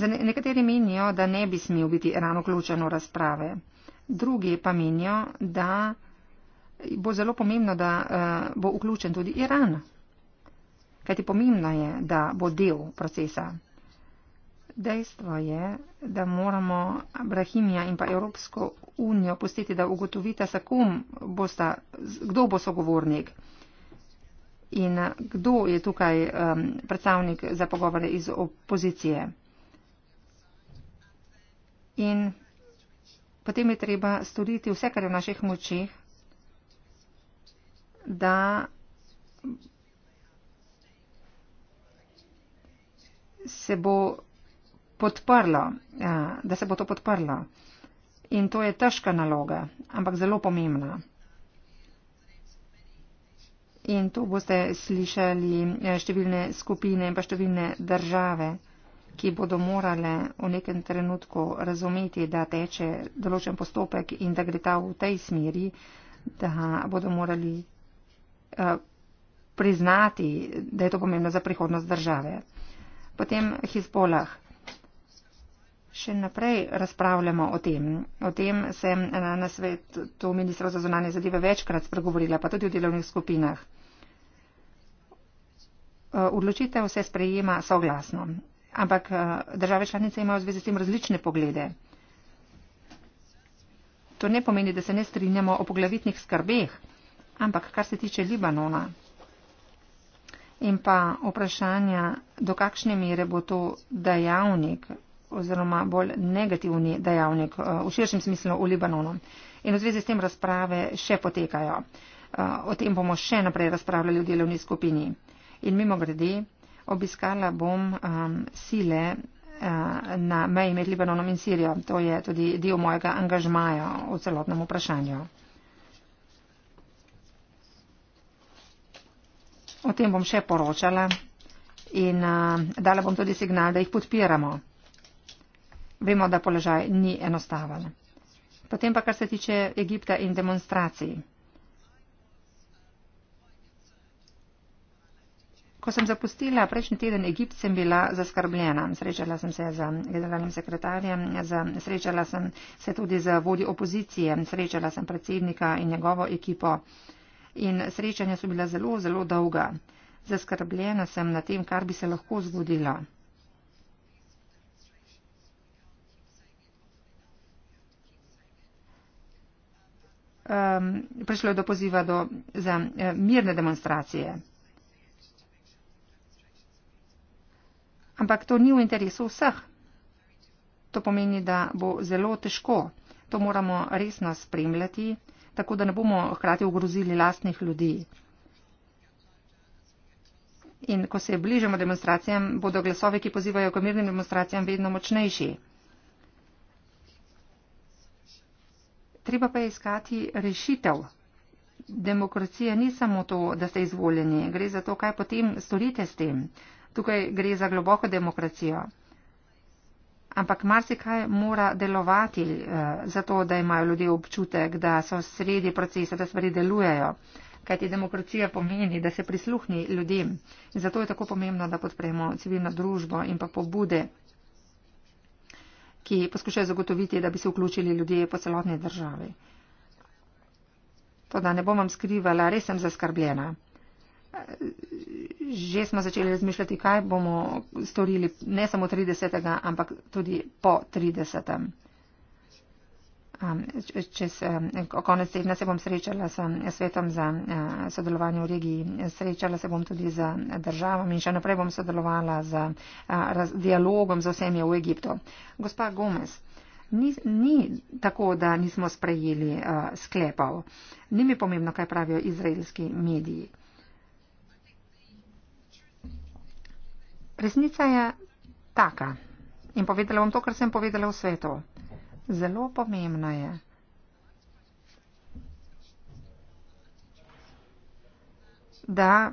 Nekateri menijo, da ne bi smel biti Iran vključen v razprave. Drugi pa menijo, da bo zelo pomembno, da eh, bo vključen tudi Iran. Kajti pomembno je, da bo del procesa. Dejstvo je, da moramo Abrahimija in pa Evropsko unijo pustiti, da ugotovita, bosta, kdo bo sogovornik in kdo je tukaj um, predstavnik za pogovore iz opozicije. In potem je treba storiti vse, kar je v naših močih, da. Se bo podprlo, eh, da se bo to podprlo. In to je težka naloga, ampak zelo pomembna. In tu boste slišali eh, številne skupine in pa številne države, ki bodo morale v nekem trenutku razumeti, da teče določen postopek in da gre ta v tej smeri, da bodo morali eh, priznati, da je to pomembno za prihodnost države. Potem Hizbolah še naprej razpravljamo o tem. O tem sem na svetu ministra za zunanje zadeve večkrat spregovorila, pa tudi v delovnih skupinah. Eh, odločitev se sprejema soglasno, ampak eh, države članice imajo v zvezi s tem različne poglede. To ne pomeni, da se ne strinjamo o poglavitnih skrbeh, ampak kar se tiče Libanona in pa vprašanja, do kakšne mere bo to dejavnik oziroma bolj negativni dejavnik eh, v širšem smislu v Libanonu. In v zvezi s tem razprave še potekajo. Eh, o tem bomo še naprej razpravljali v delovni skupini. In mimo grede, obiskala bom um, sile uh, na meji med Libanonom in Sirijo. To je tudi del mojega angažmaja v celotnem vprašanju. O tem bom še poročala in uh, dala bom tudi signal, da jih podpiramo. Vemo, da položaj ni enostaven. Potem pa, kar se tiče Egipta in demonstracij. Ko sem zapustila prejšnji teden Egipt, sem bila zaskrbljena. Srečala sem se z generalnim sekretarjem, srečala sem se tudi z vodi opozicije, srečala sem predsednika in njegovo ekipo. In srečanja so bila zelo, zelo dolga. Zaskrbljena sem na tem, kar bi se lahko zgodilo. um, prišlo je do poziva do, za uh, mirne demonstracije. Ampak to ni v interesu vseh. To pomeni, da bo zelo težko. To moramo resno spremljati, tako da ne bomo hkrati ogrozili lastnih ljudi. In ko se bližamo demonstracijam, bodo glasovi, ki pozivajo k mirnim demonstracijam, vedno močnejši. treba pa je iskati rešitev. Demokracija ni samo to, da ste izvoljeni, gre za to, kaj potem storite s tem. Tukaj gre za globoko demokracijo. Ampak marsikaj mora delovati eh, za to, da imajo ljudje občutek, da so sredi procesa, da stvari delujejo. Kajti demokracija pomeni, da se prisluhni ljudem. Zato je tako pomembno, da podpremo civilno družbo in pa pobude ki poskušajo zagotoviti, da bi se vključili ljudje po celotni državi. To, da ne bom vam skrivala, res sem zaskrbljena. Že smo začeli razmišljati, kaj bomo storili ne samo 30., ampak tudi po 30. Um, čez um, konec tedna se bom srečala s um, svetom za uh, sodelovanje v regiji, srečala se bom tudi z državami in še naprej bom sodelovala z uh, dialogom z vsemi v Egiptu. Gospa Gomez, ni, ni tako, da nismo sprejeli uh, sklepov. Ni mi pomembno, kaj pravijo izraelski mediji. Resnica je taka. In povedala bom to, kar sem povedala v svetu zelo pomembno je. da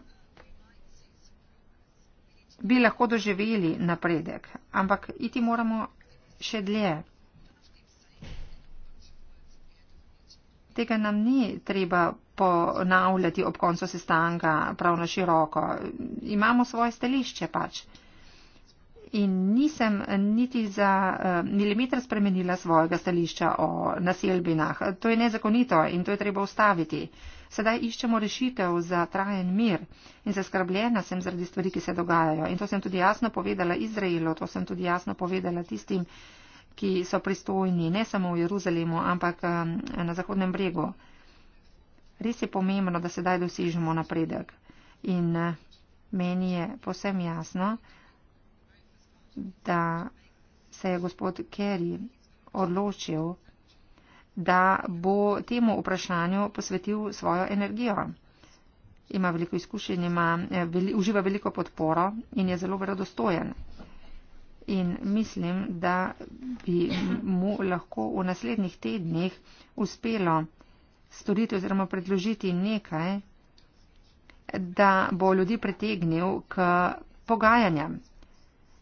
bi lahko doživeli napredek, ampak iti moramo še dlje. Tega nam ni treba ponavljati ob koncu sestanka prav na široko. Imamo svoje stališče pač in nisem niti za eh, milimeter spremenila svojega stališča o naseljbinah. To je nezakonito in to je treba ustaviti. Sedaj iščemo rešitev za trajen mir in zaskrbljena sem zaradi stvari, ki se dogajajo. In to sem tudi jasno povedala Izraelu, to sem tudi jasno povedala tistim, ki so pristojni ne samo v Jeruzalemu, ampak eh, na Zahodnem bregu. Res je pomembno, da sedaj dosežemo napredek. In eh, meni je posebno jasno, da se je gospod Kerry odločil, da bo temu vprašanju posvetil svojo energijo. Ima veliko izkušenj, ima, eh, veli, uživa veliko podporo in je zelo verodostojen. In mislim, da bi mu lahko v naslednjih tednih uspelo storiti oziroma predložiti nekaj, da bo ljudi pritegnil k pogajanjem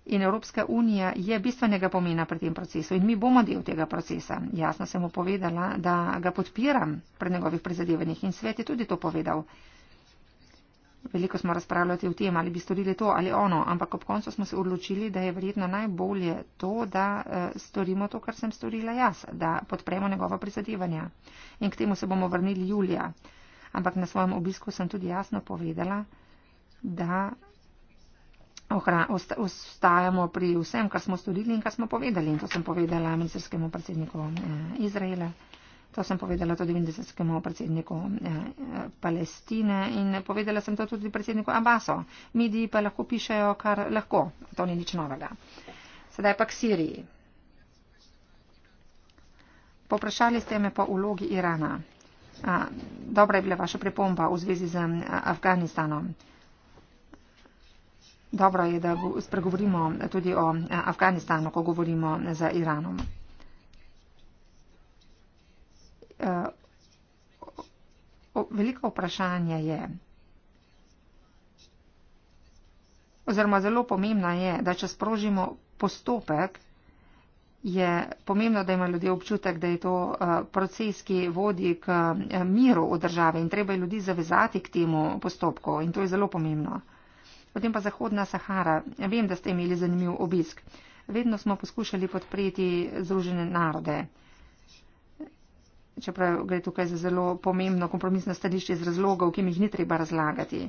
in Evropska unija je bistvenega pomena pri tem procesu in mi bomo del tega procesa. Jasno sem mu povedala, da ga podpiram pred njegovih prizadevanjih in svet je tudi to povedal. Veliko smo razpravljali o tem, ali bi storili to ali ono, ampak ob koncu smo se odločili, da je verjetno najbolje to, da eh, storimo to, kar sem storila jaz, da podpremo njegova prizadevanja. In k temu se bomo vrnili julija. Ampak na svojem obisku sem tudi jasno povedala, da ostajamo pri vsem, kar smo storili in kar smo povedali. In to sem povedala ministrskemu predsedniku eh, Izraela, to sem povedala tudi ministrskemu predsedniku eh, Palestine in povedala sem to tudi predsedniku Abaso. Mediji pa lahko pišejo, kar lahko, to ni nič novega. Sedaj pa k Siriji. Poprašali ste me po vlogi Irana. Dobra je bila vaša pripomba v zvezi z eh, Afganistanom. Dobro je, da spregovorimo tudi o eh, Afganistanu, ko govorimo z Iranom. Eh, veliko vprašanje je, oziroma zelo pomembno je, da če sprožimo postopek, je pomembno, da ima ljudje občutek, da je to eh, proces, ki vodi k miru v državi in treba je ljudi zavezati k temu postopku in to je zelo pomembno. Potem pa Zahodna Sahara. Vem, da ste imeli zanimiv obisk. Vedno smo poskušali podpreti Združene narode. Čeprav gre tukaj za zelo pomembno kompromisno stališče iz razlogov, ki mi jih ni treba razlagati.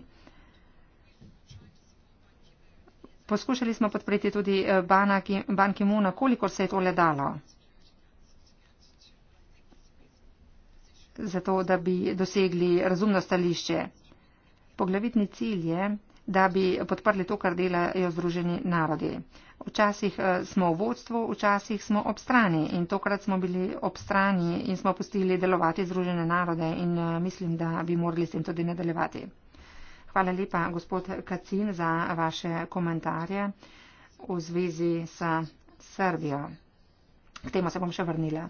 Poskušali smo podpreti tudi eh, Ban Ki-moona, kolikor se je to le dalo. Zato, da bi dosegli razumno stališče. Poglavitni cilj je, da bi podprli to, kar delajo Združeni narodi. Včasih eh, smo v vodstvu, včasih smo ob strani in tokrat smo bili ob strani in smo pustili delovati Združene narode in eh, mislim, da bi morali s tem tudi nadaljevati. Hvala lepa, gospod Kacin, za vaše komentarje v zvezi s Srbijo. K temu se bom še vrnila.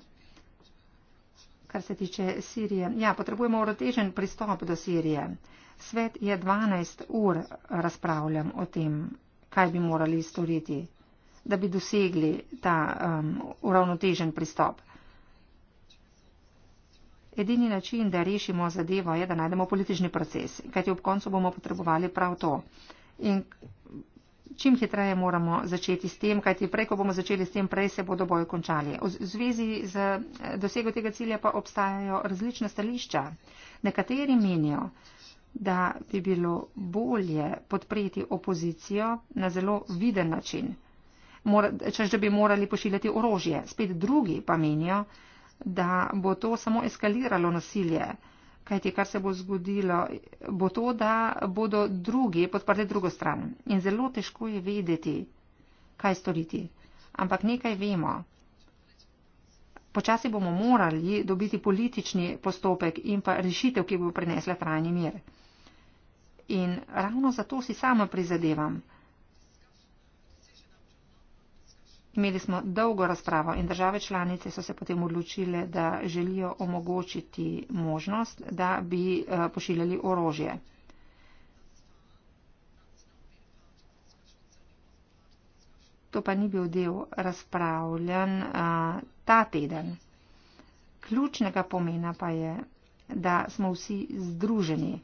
Kar se tiče Sirije, ja, potrebujemo urotežen pristop do Sirije. Uh, svet je 12 ur razpravljam o tem, kaj bi morali storiti, da bi dosegli ta um, uravnotežen pristop. Edini način, da rešimo zadevo, je, da najdemo politični proces, kajti ob koncu bomo potrebovali prav to. In čim hitreje moramo začeti s tem, kajti prej, ko bomo začeli s tem, prej se bodo boji končali. V zvezi z eh, dosego tega cilja pa obstajajo različna stališča. Nekateri menijo, da bi bilo bolje podpreti opozicijo na zelo viden način, čež da bi morali pošiljati orožje. Spet drugi pa menijo, da bo to samo eskaliralo nasilje, kajti kar se bo zgodilo, bo to, da bodo drugi podprli drugo stran. In zelo težko je vedeti, kaj storiti. Ampak nekaj vemo. Počasi bomo morali dobiti politični postopek in pa rešitev, ki bo prinesla trajni mir in ravno zato si sama prizadevam. Imeli smo dolgo razpravo in države članice so se potem odločile, da želijo omogočiti možnost, da bi eh, pošiljali orožje. To pa ni bil del razpravljan eh, ta teden. Ključnega pomena pa je, da smo vsi združeni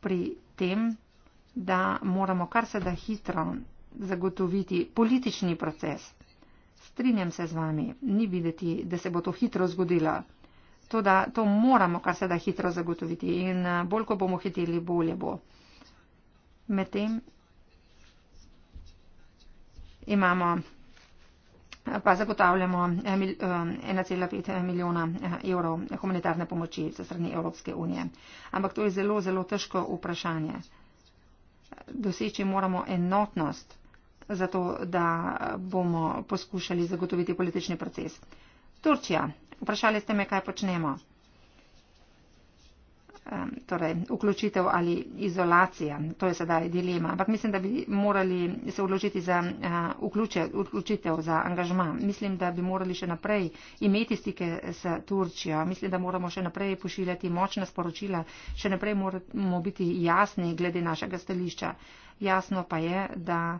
pri tem, da moramo kar se da hitro zagotoviti politični proces. Strinjam se z vami, ni videti, da se bo to hitro zgodilo. To, da to moramo kar se da hitro zagotoviti in eh, bolj, ko bomo hiteli, bolje bo. Medtem imamo pa zagotavljamo 1,5 eh, eh, eh, milijona evrov humanitarne pomoči za strani Evropske unije. Ampak to je zelo, zelo težko vprašanje. Doseči moramo enotnost za to, da bomo poskušali zagotoviti politični proces. Turčija, vprašali ste me, kaj počnemo torej vključitev ali izolacija. To je sedaj dilema. Ampak mislim, da bi morali se vložiti za eh, vključitev, za angažma. Mislim, da bi morali še naprej imeti stike s Turčijo. Mislim, da moramo še naprej pošiljati močna sporočila. Še naprej moramo biti jasni glede našega stališča. Jasno pa je, da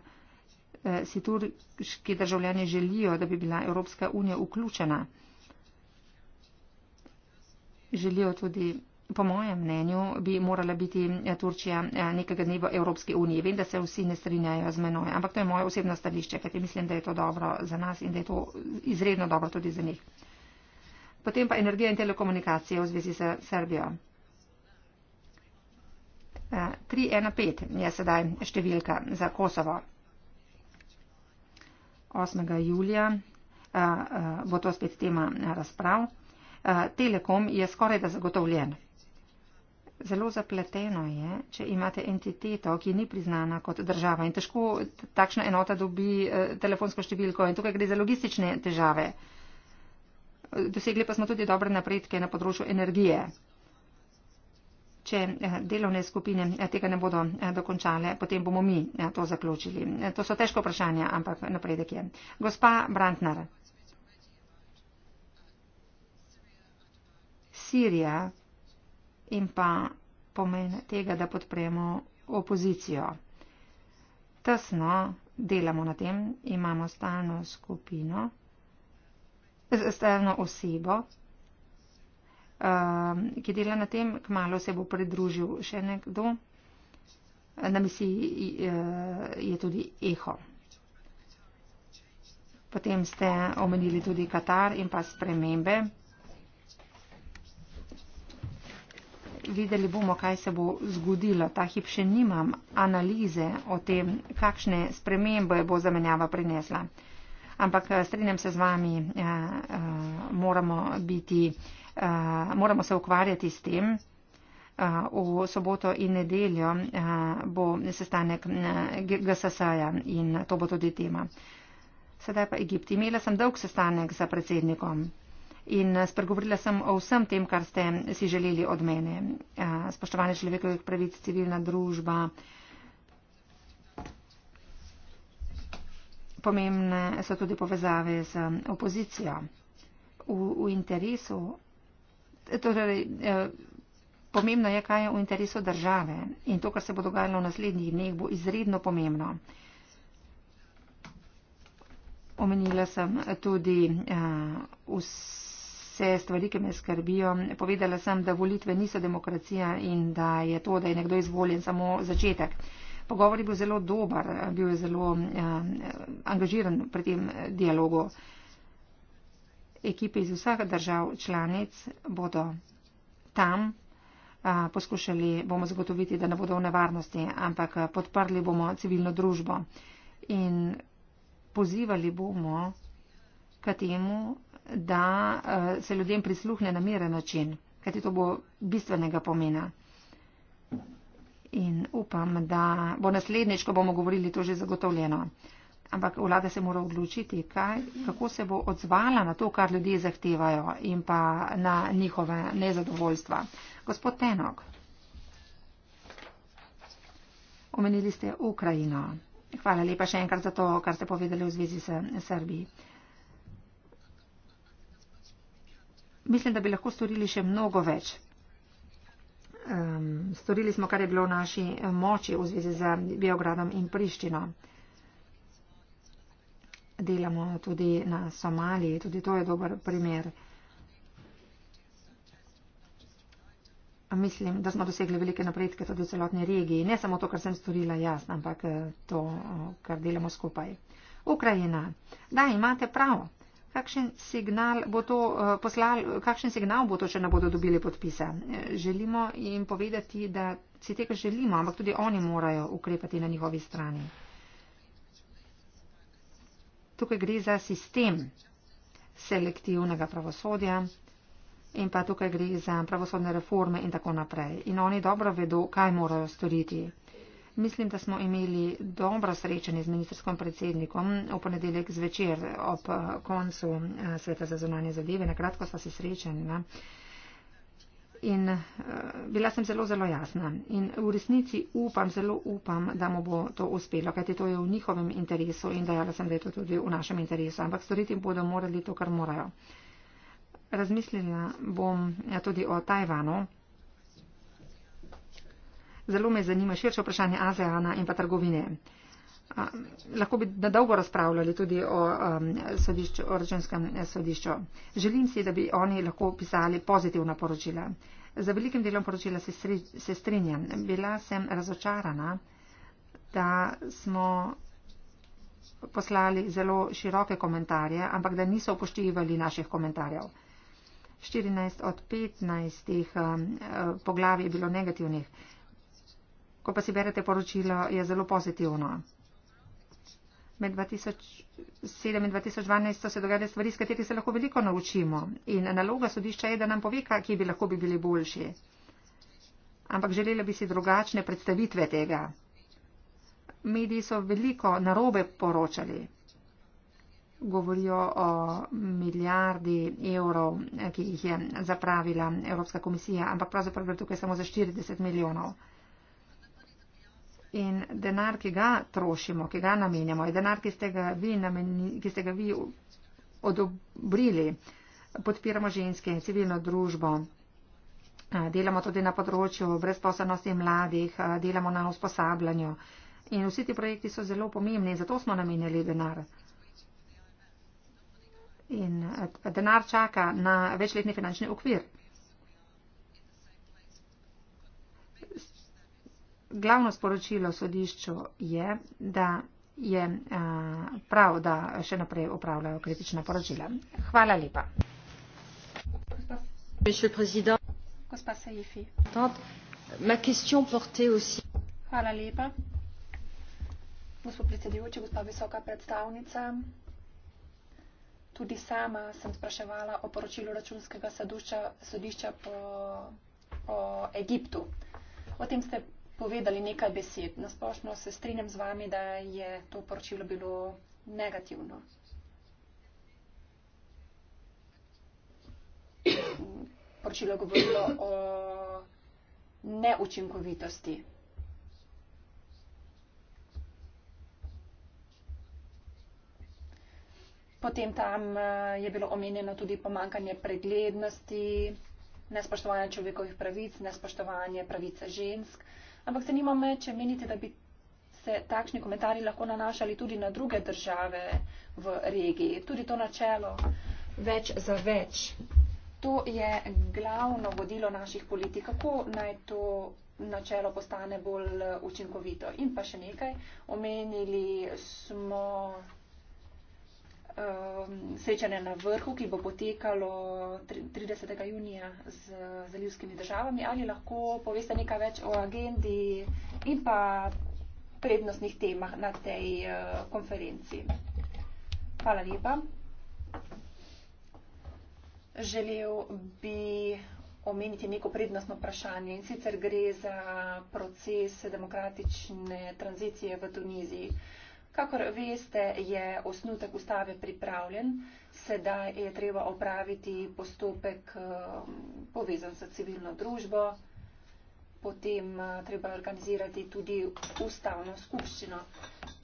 eh, si turški državljani želijo, da bi bila Evropska unija vključena. Želijo tudi Po mojem mnenju bi morala biti eh, Turčija eh, nekega dne v Evropski uniji. Vem, da se vsi ne strinjajo z menoj, ampak to je moje osebno stališče, kajti mislim, da je to dobro za nas in da je to izredno dobro tudi za njih. Potem pa energija in telekomunikacije v zvezi s Srbijo. 3.1.5 eh, je sedaj številka za Kosovo. 8. julija bo to spet tema razprav. Telekom je skoraj da zagotovljen. Zelo zapleteno je, če imate entiteto, ki ni priznana kot država in težko takšna enota dobi eh, telefonsko številko in tukaj gre za logistične težave. Dosegli pa smo tudi dobre napredke na področju energije. Če eh, delovne skupine eh, tega ne bodo dokončale, potem bomo mi to zaključili. To so težko vprašanja, ampak napredek je. Gospa Brantner. Sirija in pa pomen tega, da podpremo opozicijo. Tesno delamo na tem, imamo stalno skupino, stalno osebo, um, ki dela na tem, kmalo se bo pridružil še nekdo, na misli uh, je tudi eho. Potem ste omenili tudi Katar in pa spremembe. videli bomo, kaj se bo zgodilo. Ta hip še nimam analize o tem, kakšne spremembe bo zamenjava prinesla. Ampak eh, strinjam se z vami, eh, eh, moramo, biti, moramo se ukvarjati s tem. V soboto in nedeljo bo sestanek GSS-ja in to bo tudi tema. Sedaj pa Egipt. Imela sem dolg sestanek za predsednikom in eh, spregovorila sem o vsem tem, kar ste si želeli od mene. Eh, spoštovane človekovih pravic, civilna družba, pomembne so tudi povezave z opozicijo v, v interesu. Torej, eh, pomembno je, kaj je v interesu države in to, kar se bo dogajalo v naslednjih dneh, bo izredno pomembno. Omenila sem tudi uh, vse vse stvari, ki me skrbijo. Povedala sem, da volitve niso demokracija in da je to, da je nekdo izvoljen, samo začetek. Pogovor je bil zelo dober, bil je zelo eh, angažiran pri tem eh, dialogu. Ekipe iz vseh držav članic bodo tam eh, poskušali, bomo zagotoviti, da ne bodo v nevarnosti, ampak eh, podprli bomo civilno družbo in pozivali bomo k temu, da eh, se ljudem prisluhne na miren način, kajti to bo bistvenega pomena. In upam, da bo naslednjič, ko bomo govorili, to že zagotovljeno. Ampak vlada se mora odločiti, kaj, kako se bo odzvala na to, kar ljudje zahtevajo in pa na njihove nezadovoljstva. Gospod Tenok, omenili ste Ukrajino. Hvala lepa še enkrat za to, kar ste povedali v zvezi s Srbijo. mislim, da bi lahko storili še mnogo več. Um, storili smo, kar je bilo v naši moči v zvezi z Beogradom in Prištino. Delamo tudi na Somaliji, tudi to je dober primer. Mislim, da smo dosegli velike napredke tudi v celotni regiji. Ne samo to, kar sem storila jaz, ampak eh, to, eh, kar delamo skupaj. Ukrajina. Da, imate pravo. Kakšen signal, to, eh, poslal, kakšen signal bo to, če ne bodo dobili podpise? Eh, želimo jim povedati, da si tega želimo, ampak tudi oni morajo ukrepati na njihovi strani. Tukaj gre za sistem selektivnega pravosodja in pa tukaj gre za pravosodne reforme in tako naprej. In oni dobro vedo, kaj morajo storiti. Mislim, da smo imeli dobro srečanje z ministrskom predsednikom v ponedeljek zvečer ob koncu eh, sveta za zunanje zadeve. Na kratko sva se srečanja. In eh, bila sem zelo, zelo jasna. In v resnici upam, zelo upam, da mu bo to uspelo, kajti to je v njihovem interesu in dajala sem, da je to tudi v našem interesu. Ampak storiti bodo morali to, kar morajo. Razmislila bom eh, tudi o Tajvanu. Zelo me zanima širše vprašanje ASEANA in pa trgovine. Lahko bi na dolgo razpravljali tudi o, um, sodišču, o računskem eh, sodišču. Želim si, da bi oni lahko pisali pozitivna poročila. Za velikim delom poročila se, sri, se strinjam. Bila sem razočarana, da smo poslali zelo široke komentarje, ampak da niso upoštevali naših komentarjev. 14 od 15 um, eh, poglavij je bilo negativnih. Ko pa si berete poročilo, je zelo pozitivno. Med 2007 in 2012 so se dogajale stvari, s katerih se lahko veliko naučimo. In naloga sodišča je, da nam pove, kje bi lahko bi bili boljši. Ampak želela bi si drugačne predstavitve tega. Mediji so veliko narobe poročali. Govorijo o milijardi evrov, ki jih je zapravila Evropska komisija, ampak pravzaprav gre tukaj samo za 40 milijonov in denar, ki ga trošimo, ki ga namenjamo, je denar, ki ste ga vi, nameni, ki ste ga vi odobrili. Podpiramo ženske in civilno družbo. Delamo tudi na področju brezposobnosti mladih, delamo na usposabljanju. In vsi ti projekti so zelo pomembni, zato smo namenjali denar. In denar čaka na večletni finančni okvir. glavno sporočilo sodišču je, da je eh, prav, da še naprej upravljajo kritična poročila. Hvala lepa. Hvala lepa. Gospod predsedujoči, gospod visoka predstavnica, tudi sama sem spraševala o poročilu računskega sodišča po, po Egiptu. O tem ste povedali nekaj besed. Nasplošno se strinjam z vami, da je to poročilo bilo negativno. Poročilo je govorilo o neučinkovitosti. Potem tam eh, je bilo omenjeno tudi pomankanje preglednosti, nespoštovanje človekovih pravic, nespoštovanje pravice žensk. Uh, ampak se nimame, če menite, da bi se takšni komentarji lahko nanašali tudi na druge države v regiji. Tudi to načelo več za več. To je glavno vodilo naših politik. Kako naj to načelo postane bolj učinkovito? In pa še nekaj. Omenili smo. Um, srečanje na vrhu, ki bo potekalo 30. junija z zalivskimi državami. Ali lahko poveste nekaj več o agendi in pa prednostnih temah na tej uh, konferenci? Hvala lepa. Želel bi omeniti neko prednostno vprašanje in sicer gre za proces demokratične tranzicije v Tuniziji. Uh, Kakor veste, je osnutek ustave pripravljen, sedaj je treba opraviti postopek um, povezan s civilno družbo, potem uh, treba organizirati tudi ustavno skupščino.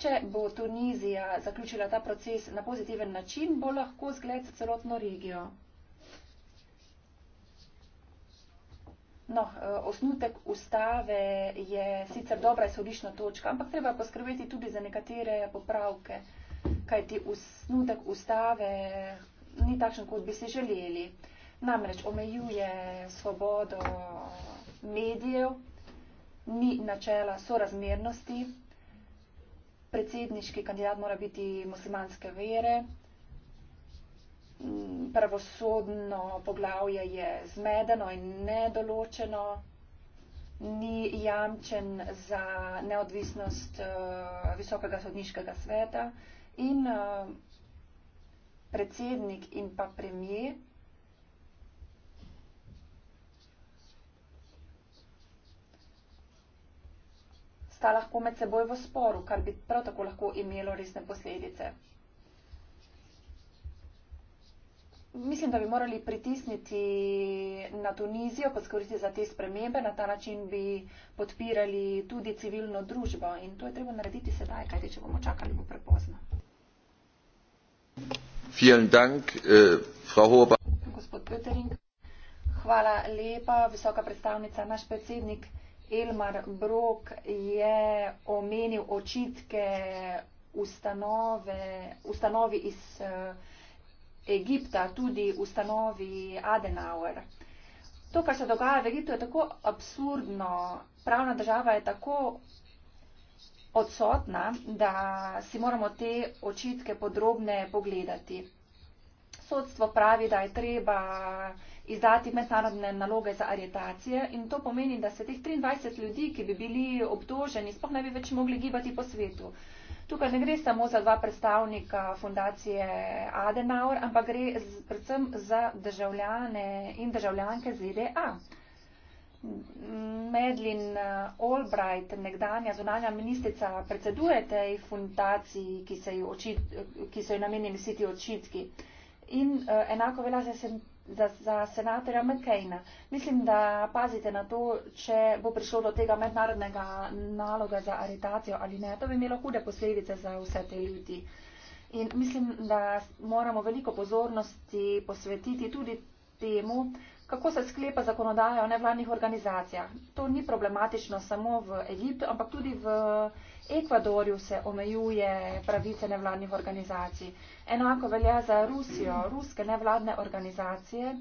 Če bo Tunizija zaključila ta proces na pozitiven način, bo lahko zgled za celotno regijo. No, eh, osnutek ustave je sicer dobra izhodišna točka, ampak treba poskrbeti tudi za nekatere popravke, kajti osnutek ustave ni takšen, kot bi si želeli. Namreč omejuje svobodo medijev, ni načela sorazmernosti, predsedniški kandidat mora biti muslimanske vere, pravosodno poglavje je zmedeno in nedoločeno, ni jamčen za neodvisnost eh, Visokega sodniškega sveta in eh, predsednik in pa premije sta lahko med seboj v sporu, kar bi prav tako lahko imelo resne posledice. mislim, da bi morali pritisniti na Tunizijo, poskoriti za te spremembe, na ta način bi podpirali tudi civilno družbo in to je treba narediti sedaj, kajti če bomo čakali, bo prepozno. Dank, eh, Gospod Pötering, hvala lepa, visoka predstavnica, naš predsednik Elmar Brok je omenil očitke ustanove, ustanovi iz eh, Egipta tudi ustanovi Adenauer. To, kar se dogaja v Egiptu, je tako absurdno. Pravna država je tako odsotna, da si moramo te očitke podrobne pogledati. Sodstvo pravi, da je treba izdati mednarodne naloge za aretacije in to pomeni, da se teh 23 ljudi, ki bi bili obtoženi, sploh ne bi več mogli gibati po svetu. Uh, Tukaj ne gre samo za dva predstavnika fundacije Adenauer, ampak gre predvsem za državljane in državljanke ZDA. Medlin eh, Albright, nekdanja zunanja ministrica, predseduje tej fundaciji, ki so jo namenjeni vsi ti očitki. In uh, enako velja za sem za, za senatorja McCaina. Mislim, da pazite na to, če bo prišlo do tega mednarodnega naloga za aretacijo ali ne. To bi imelo hude posledice za vse te ljudi. In mislim, da moramo veliko pozornosti posvetiti tudi temu, kako se sklepa zakonodaja o nevladnih organizacijah. To ni problematično samo v Egiptu, ampak tudi v Ekvadorju se omejuje pravice nevladnih organizacij. Enako velja za Rusijo, ruske nevladne organizacije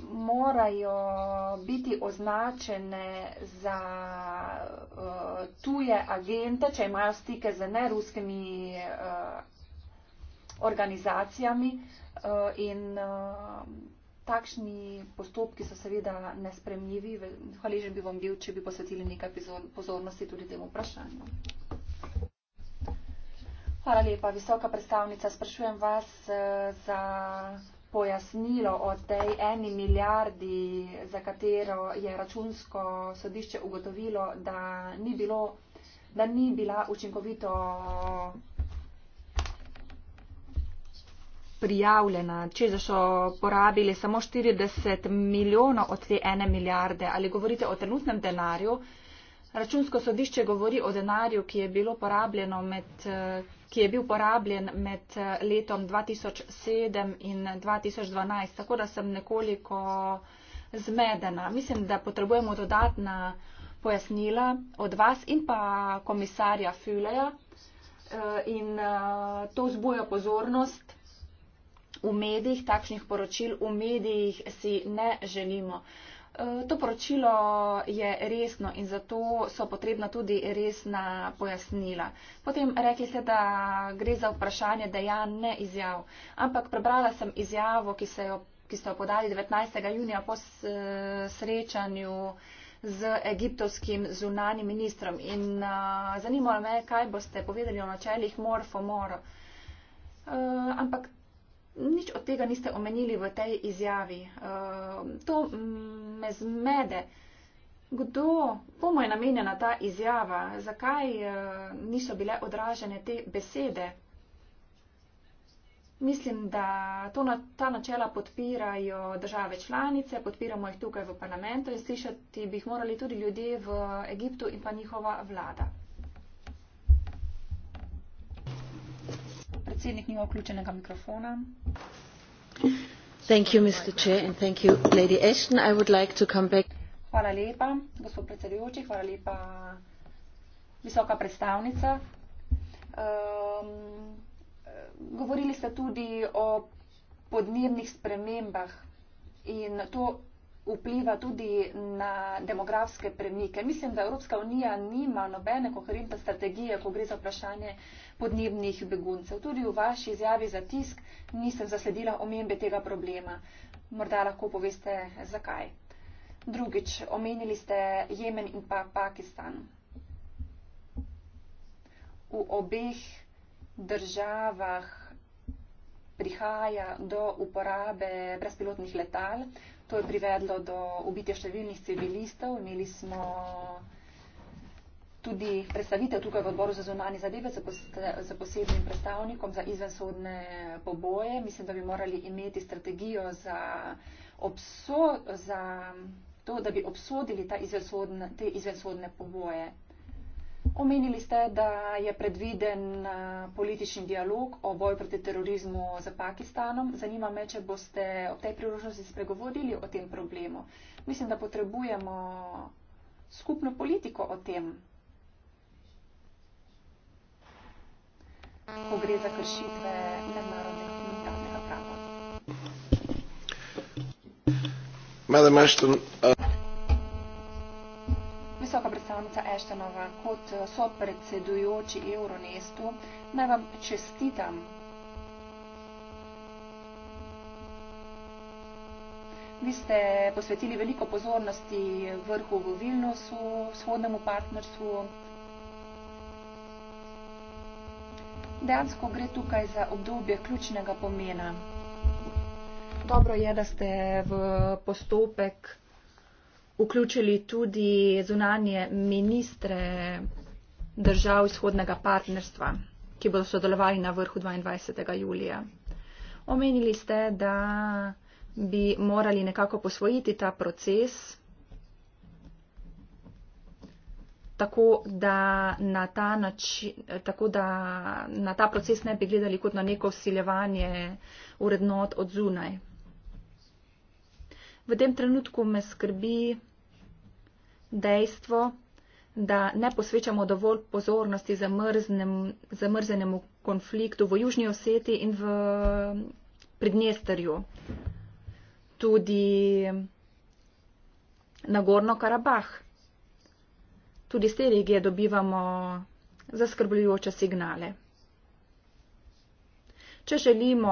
morajo biti označene za uh, tuje agente, če imajo stike z neruskimi uh, organizacijami eh, in eh, takšni postopki so seveda nespremljivi. Hvaležen bi vam bil, če bi posvetili nekaj pozornosti tudi temu vprašanju. Hvala lepa, visoka predstavnica. Sprašujem vas eh, za pojasnilo o tej eni milijardi, za katero je računsko sodišče ugotovilo, da ni, bilo, da ni bila učinkovito prijavljena, če so porabili samo 40 milijonov od te ene milijarde. Ali govorite o trenutnem denarju? Računsko sodišče govori o denarju, ki je, med, eh, ki je bil porabljen med eh, letom 2007 in 2012, tako da sem nekoliko zmedena. Mislim, da potrebujemo dodatna pojasnila od vas in pa komisarja Füleja eh, in to vzbuja pozornost v medijih, takšnih poročil v medijih si ne želimo. E, to poročilo je resno in zato so potrebna tudi resna pojasnila. Potem rekli ste, da gre za vprašanje dejanj, ne izjav. Ampak prebrala sem izjavo, ki, se jo, ki ste jo podali 19. junija po e, srečanju z egiptovskim zunanim ministrom. In e, zanimalo me, kaj boste povedali o načeljih mor for mor. Ampak nič od tega niste omenili v tej izjavi. Ehm, to mm, me zmede. Kdo, komu je namenjena ta izjava? Zakaj eh, niso bile odražene te besede? Mislim, da to, ta načela podpirajo države članice, podpiramo jih tukaj v parlamentu in slišati bi jih morali tudi ljudje v Egiptu in pa njihova vlada. predsednik nima vključenega mikrofona. Hvala lepa, gospod predsedujoči, hvala lepa, visoka predstavnica. Um, govorili ste tudi o podnebnih spremembah in to vpliva tudi na demografske premike. Mislim, da Evropska unija nima nobene koherentne strategije, ko gre za vprašanje podnebnih beguncev. Tudi v vaši izjavi za tisk nisem zasledila omembe tega problema. Morda lahko poveste, zakaj. Drugič, omenili ste Jemen in pa Pakistan. V obeh državah prihaja do uporabe brezpilotnih letal. To je privedlo do ubitja številnih civilistov. Imeli smo tudi predstavitev tukaj v odboru za zunanje zadeve za, pos za posebnim predstavnikom za izvensodne poboje. Mislim, da bi morali imeti strategijo za, za to, da bi obsodili izvensodne, te izvensodne poboje. Omenili ste, da je predviden politični dialog o boju proti terorizmu z Pakistanom. Zanima me, če boste ob tej priložnosti spregovorili o tem problemu. Mislim, da potrebujemo skupno politiko o tem, ko gre za kršitve mednarodnega humanitarnega prava. Madam Ashton, uh visoka predstavnica Eštanova, kot eh, so predsedujoči Euronestu, naj vam čestitam. Vi ste posvetili veliko pozornosti vrhu v Vilnosu, vzhodnemu partnerstvu. Dejansko gre tukaj za obdobje ključnega pomena. Dobro je, da ste v postopek vključili tudi zunanje ministre držav izhodnega partnerstva, ki bodo sodelovali na vrhu 22. julija. Omenili ste, da bi morali nekako posvojiti ta proces tako da, na ta način, tako, da na ta proces ne bi gledali kot na neko usiljevanje urednot od zunaj. V tem trenutku me skrbi, dejstvo, da ne posvečamo dovolj pozornosti zamrznenemu konfliktu v Južni Oseti in v Pridnesterju. Tudi na Gorno Karabah. Tudi iz te regije dobivamo zaskrbljujoče signale. Če želimo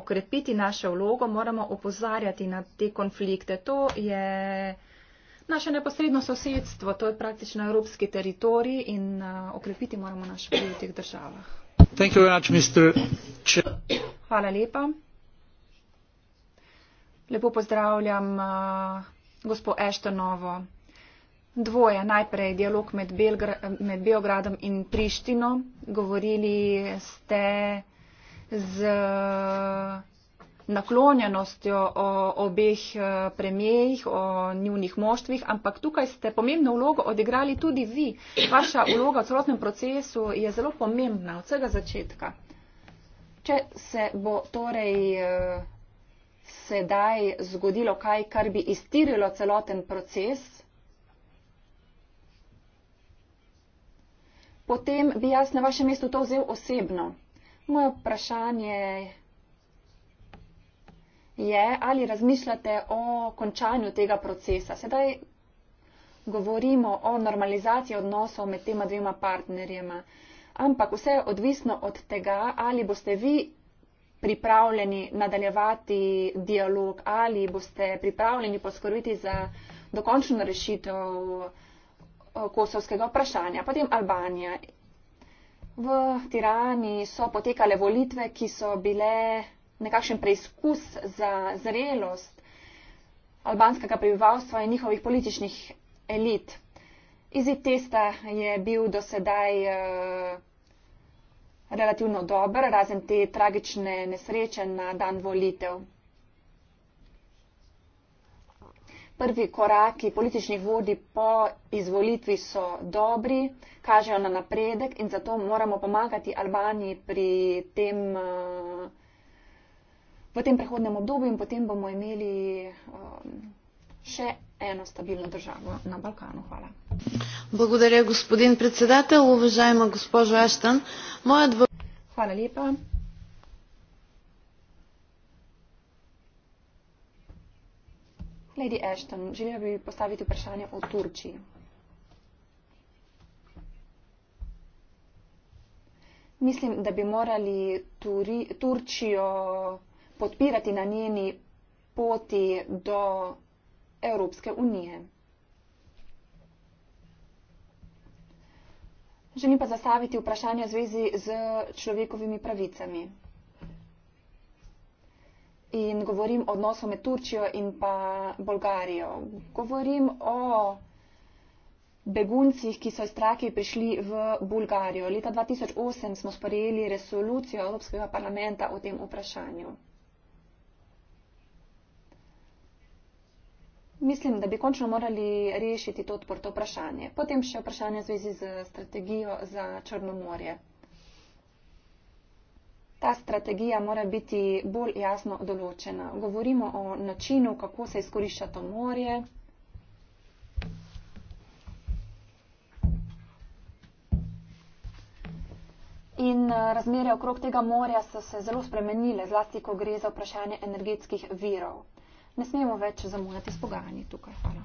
okrepiti našo vlogo, moramo opozarjati na te konflikte. To je naše neposredno sosedstvo, to je praktično evropski teritorij in uh, okrepiti moramo naš vpliv v teh državah. Thank you very much, Mr. Ch Hvala lepa. Lepo pozdravljam uh, eh, gospod Eštonovo. Dvoje, najprej dialog med, Belgra med Beogradom in Prištino. Govorili ste z uh, naklonjenostjo o obeh eh, premijejih, o njunih moštvih, ampak tukaj ste pomembno vlogo odigrali tudi vi. Vaša vloga v celotnem procesu je zelo pomembna od vsega začetka. Če se bo torej eh, sedaj zgodilo kaj, kar bi iztirilo celoten proces, potem bi jaz na vašem mestu to vzel osebno. Moje vprašanje je, je, ali razmišljate o končanju tega procesa. Sedaj govorimo o normalizaciji odnosov med tema dvema partnerjema, ampak vse je odvisno od tega, ali boste vi pripravljeni nadaljevati dialog, ali boste pripravljeni poskrbiti za dokončno rešitev eh, kosovskega vprašanja, potem Albanija. V Tirani so potekale volitve, ki so bile nekakšen preizkus za zrelost albanskega prebivalstva in njihovih političnih elit. Izid testa je bil do sedaj eh, relativno dober, razen te tragične nesreče na dan volitev. Prvi koraki političnih vodij po izvolitvi so dobri, kažejo na napredek in zato moramo pomagati Albaniji pri tem uh, v tem prehodnem obdobju in potem bomo imeli um, še eno stabilno državo na Balkanu. Hvala. Благодаря, господин председател. Уважаема госпожо Аштан, моят въпрос. Hvala lepa. Lady Ashton, želela bi postaviti vprašanje o Turčiji. Mislim, da bi morali Turi, Turčijo podpirati na njeni poti do Evropske unije. Želim pa zastaviti vprašanje v zvezi z človekovimi pravicami. In govorim o odnosu med Turčijo in pa Bolgarijo. Govorim o beguncih, ki so iz Trake prišli v Bolgarijo. Leta 2008 smo sprejeli resolucijo Evropskega parlamenta o tem vprašanju. mislim, da bi končno morali rešiti to odprto vprašanje. Potem še vprašanje v zvezi z strategijo za Črnomorje. Ta strategija mora biti bolj jasno določena. Govorimo o načinu, kako se izkorišča to morje. In eh, razmere okrog tega morja so se zelo spremenile, zlasti, ko gre za vprašanje energetskih virov ne smemo več zamujati s pogajanji tukaj. Hvala.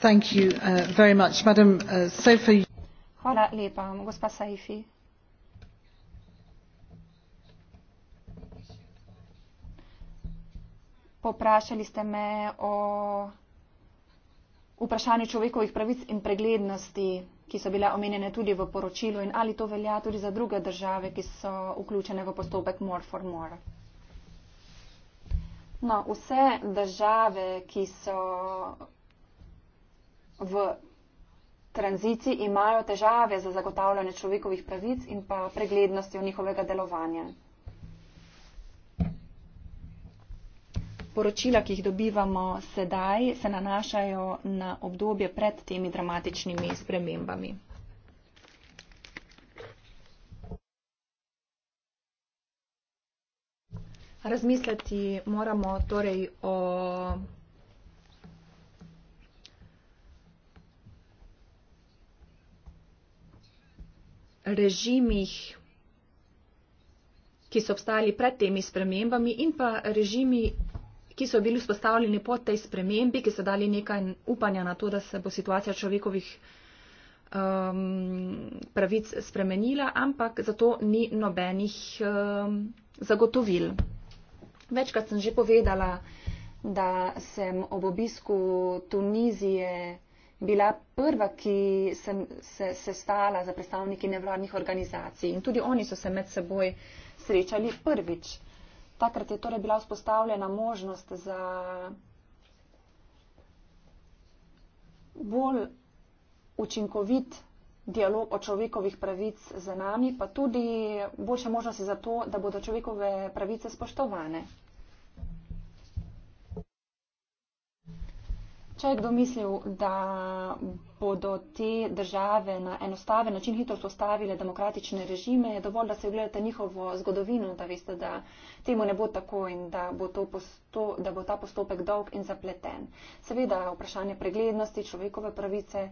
Thank you, uh, very much. Madam, uh, Sophie... Hvala lepa, gospa Saifi. Poprašali ste me o vprašanju človekovih pravic in preglednosti, ki so bile omenjene tudi v poročilu in ali to velja tudi za druge države, ki so vključene v postopek More for More. No, vse države, ki so v tranziciji, imajo težave za zagotavljanje človekovih pravic in pa preglednosti njihovega delovanja. Poročila, ki jih dobivamo sedaj, se nanašajo na obdobje pred temi dramatičnimi spremembami. Razmisliti moramo torej o režimih, ki so obstajali pred temi spremembami in pa režimi, ki so bili vzpostavljeni po tej spremembi, ki so dali nekaj upanja na to, da se bo situacija človekovih um, pravic spremenila, ampak zato ni nobenih um, zagotovil. Večkrat sem že povedala, da sem ob obisku Tunizije bila prva, ki sem se sestala za predstavniki nevladnih organizacij in tudi oni so se med seboj srečali prvič. Takrat je torej bila vzpostavljena možnost za bolj učinkovit dialog o človekovih pravic z nami, pa tudi boljše možnosti za to, da bodo človekove pravice spoštovane. Če je kdo mislil, da bodo te države na enostaven način hitro vzpostavile demokratične režime, je dovolj, da se ogledate njihovo zgodovino, da veste, da temu ne bo tako in da bo, to posto, da bo ta postopek dolg in zapleten. Seveda, vprašanje preglednosti človekove pravice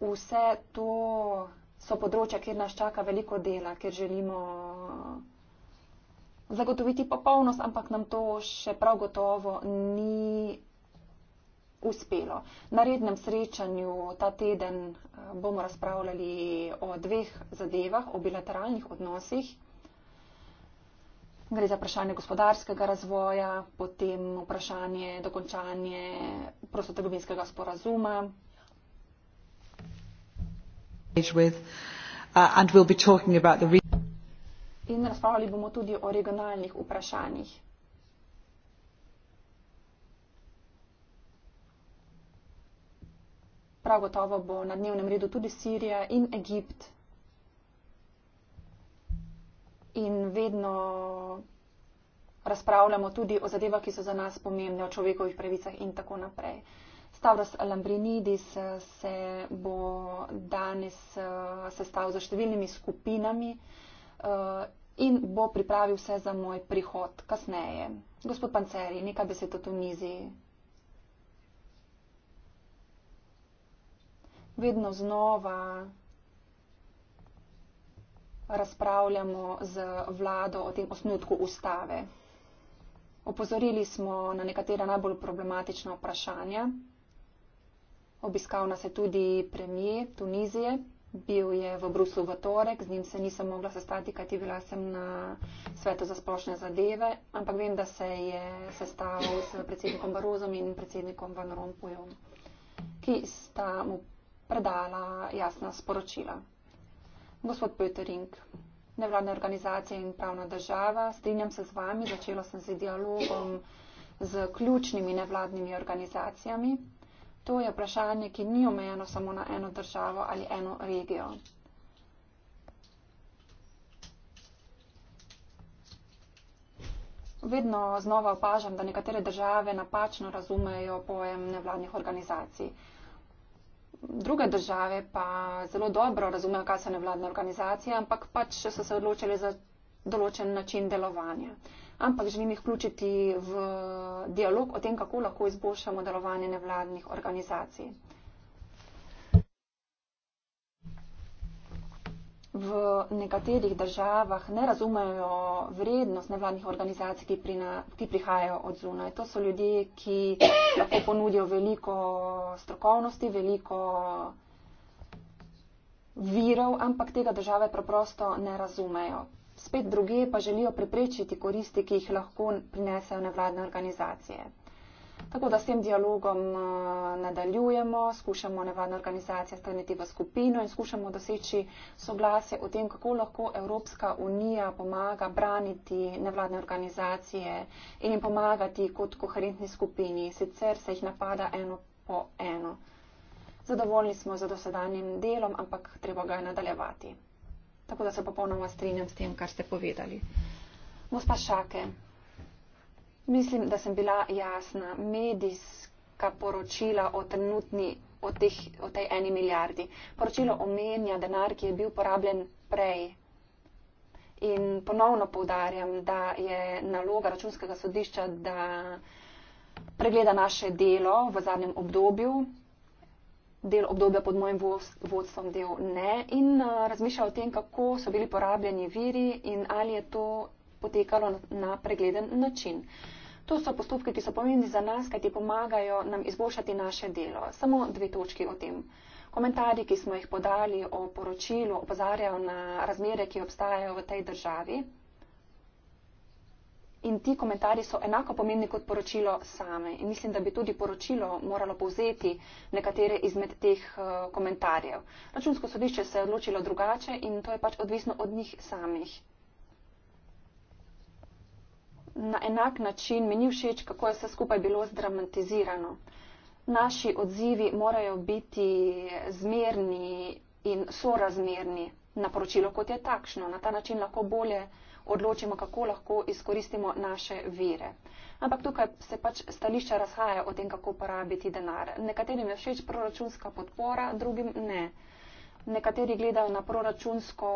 vse to so področja, kjer nas čaka veliko dela, kjer želimo zagotoviti popolnost, ampak nam to še prav gotovo ni uspelo. Na rednem srečanju ta teden eh, bomo razpravljali o dveh zadevah, o bilateralnih odnosih. Gre za vprašanje gospodarskega razvoja, potem vprašanje dokončanje prostotrgovinskega sporazuma, engage with uh, and we'll be talking about the in razpravljali bomo tudi o regionalnih vprašanjih. Prav gotovo bo na dnevnem redu tudi Sirija in Egipt. In vedno razpravljamo tudi o zadevah, ki so za nas pomembne, o človekovih pravicah in tako naprej. Stavros Lambrinidis eh, se bo danes eh, sestavil za številnimi skupinami eh, in bo pripravil vse za moj prihod kasneje. Gospod Panceri, nekaj besed o Tuniziji. Vedno znova razpravljamo z vlado o tem osnutku ustave. Opozorili smo na nekatera najbolj problematična vprašanja. Obiskal nas je tudi premije Tunizije, bil je v Bruslu v torek, z njim se nisem mogla sestati, kajti bila sem na svetu za splošne zadeve, ampak vem, da se je sestavil s predsednikom Barozom in predsednikom Van Rompujem, ki sta mu predala jasna sporočila. Gospod Pötering, nevladna organizacija in pravna država, strinjam se z vami, začela sem z dialogom z ključnimi nevladnimi organizacijami, To je vprašanje, ki ni omejeno samo na eno državo ali eno regijo. Vedno znova opažam, da nekatere države napačno razumejo pojem nevladnih organizacij. Druge države pa zelo dobro razumejo, kaj so nevladne organizacije, ampak pač so se odločili za določen način delovanja ampak želim jih vključiti v dialog o tem, kako lahko izboljšamo delovanje nevladnih organizacij. V nekaterih državah ne razumejo vrednost nevladnih organizacij, ki, pri na, ki prihajajo od zunaj. To so ljudje, ki lahko ponudijo veliko strokovnosti, veliko virov, ampak tega države preprosto ne razumejo spet druge pa želijo preprečiti koristi, ki jih lahko prinesejo nevladne organizacije. Tako da s tem dialogom eh, nadaljujemo, skušamo nevladne organizacije staniti v skupino in skušamo doseči soglasje o tem, kako lahko Evropska unija pomaga braniti nevladne organizacije in jim pomagati kot koherentni skupini, sicer se jih napada eno po eno. Zadovoljni smo z dosedanjem delom, ampak treba ga je nadaljevati. Tako da se popolnoma strinjam s tem, kar ste povedali. Gospa Šake, mislim, da sem bila jasna. Medijska poročila o trenutni, o, teh, o tej eni milijardi. Poročilo omenja denar, ki je bil porabljen prej. In ponovno povdarjam, da je naloga računskega sodišča, da pregleda naše delo v zadnjem obdobju, del obdobja pod mojim vodstvom, del ne, in eh, razmišlja o tem, kako so bili porabljeni viri in ali je to potekalo na pregleden način. To so postopki, ki so pomembni za nas, kajti pomagajo nam izboljšati naše delo. Samo dve točki o tem. Komentarji, ki smo jih podali o poročilu, opozarjajo na razmere, ki obstajajo v tej državi, In ti komentarji so enako pomembni kot poročilo same. In mislim, da bi tudi poročilo moralo povzeti nekatere izmed teh eh, komentarjev. Računsko sodišče se je odločilo drugače in to je pač odvisno od njih samih. Na enak način mi ni všeč, kako je vse skupaj bilo zdramatizirano. Naši odzivi morajo biti zmerni in sorazmerni na poročilo, kot je takšno. Na ta način lahko bolje odločimo, kako lahko izkoristimo naše vire. Ampak tukaj se pač stališča razhaja o tem, kako porabiti denar. Nekaterim je všeč proračunska podpora, drugim ne. Nekateri gledajo na proračunsko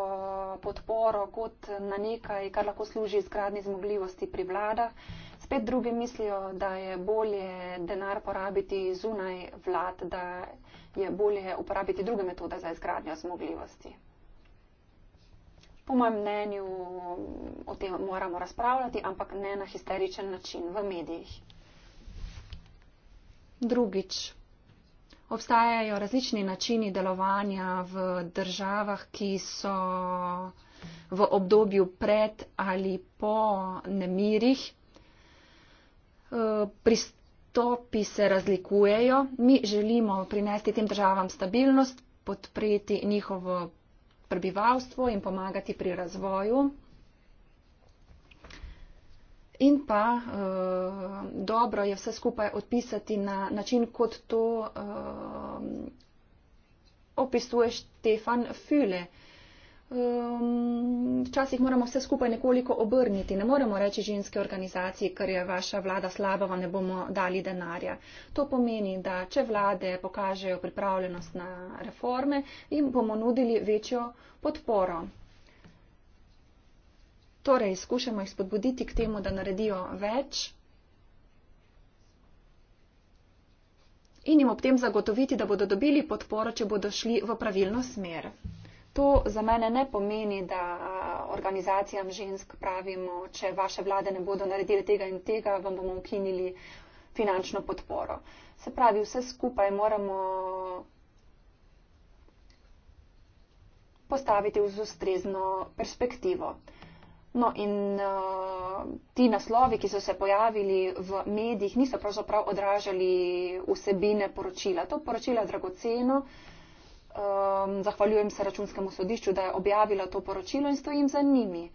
podporo kot na nekaj, kar lahko služi izgradni zmogljivosti pri vladah. Spet drugi mislijo, da je bolje denar porabiti zunaj vlad, da je bolje uporabiti druge metode za izgradnjo zmogljivosti po mojem mnenju o tem moramo razpravljati, ampak ne na histeričen način v medijih. Drugič. Obstajajo različni načini delovanja v državah, ki so v obdobju pred ali po nemirih. E, pristopi se razlikujejo. Mi želimo prinesti tem državam stabilnost, podpreti njihovo prebivalstvu in pomagati pri razvoju. In pa uh, dobro je vse skupaj odpisati na način, kot to uh, opisuje Štefan Füle. Uh, um, včasih moramo vse skupaj nekoliko obrniti. Ne moremo reči ženske organizaciji, ker je vaša vlada slaba, vam ne bomo dali denarja. To pomeni, da če vlade pokažejo pripravljenost na reforme, jim bomo nudili večjo podporo. Torej, skušamo jih spodbuditi k temu, da naredijo več in jim ob tem zagotoviti, da bodo dobili podporo, če bodo šli v pravilno smer to za mene ne pomeni, da organizacijam žensk pravimo, če vaše vlade ne bodo naredile tega in tega, vam bomo ukinili finančno podporo. Se pravi, vse skupaj moramo postaviti v ustrezno perspektivo. No in uh, ti naslovi, ki so se pojavili v medijih, niso pravzaprav odražali vsebine poročila. To poročilo je dragoceno. Uh, um, zahvaljujem se računskemu sodišču, da je objavila to poročilo in stojim za njimi.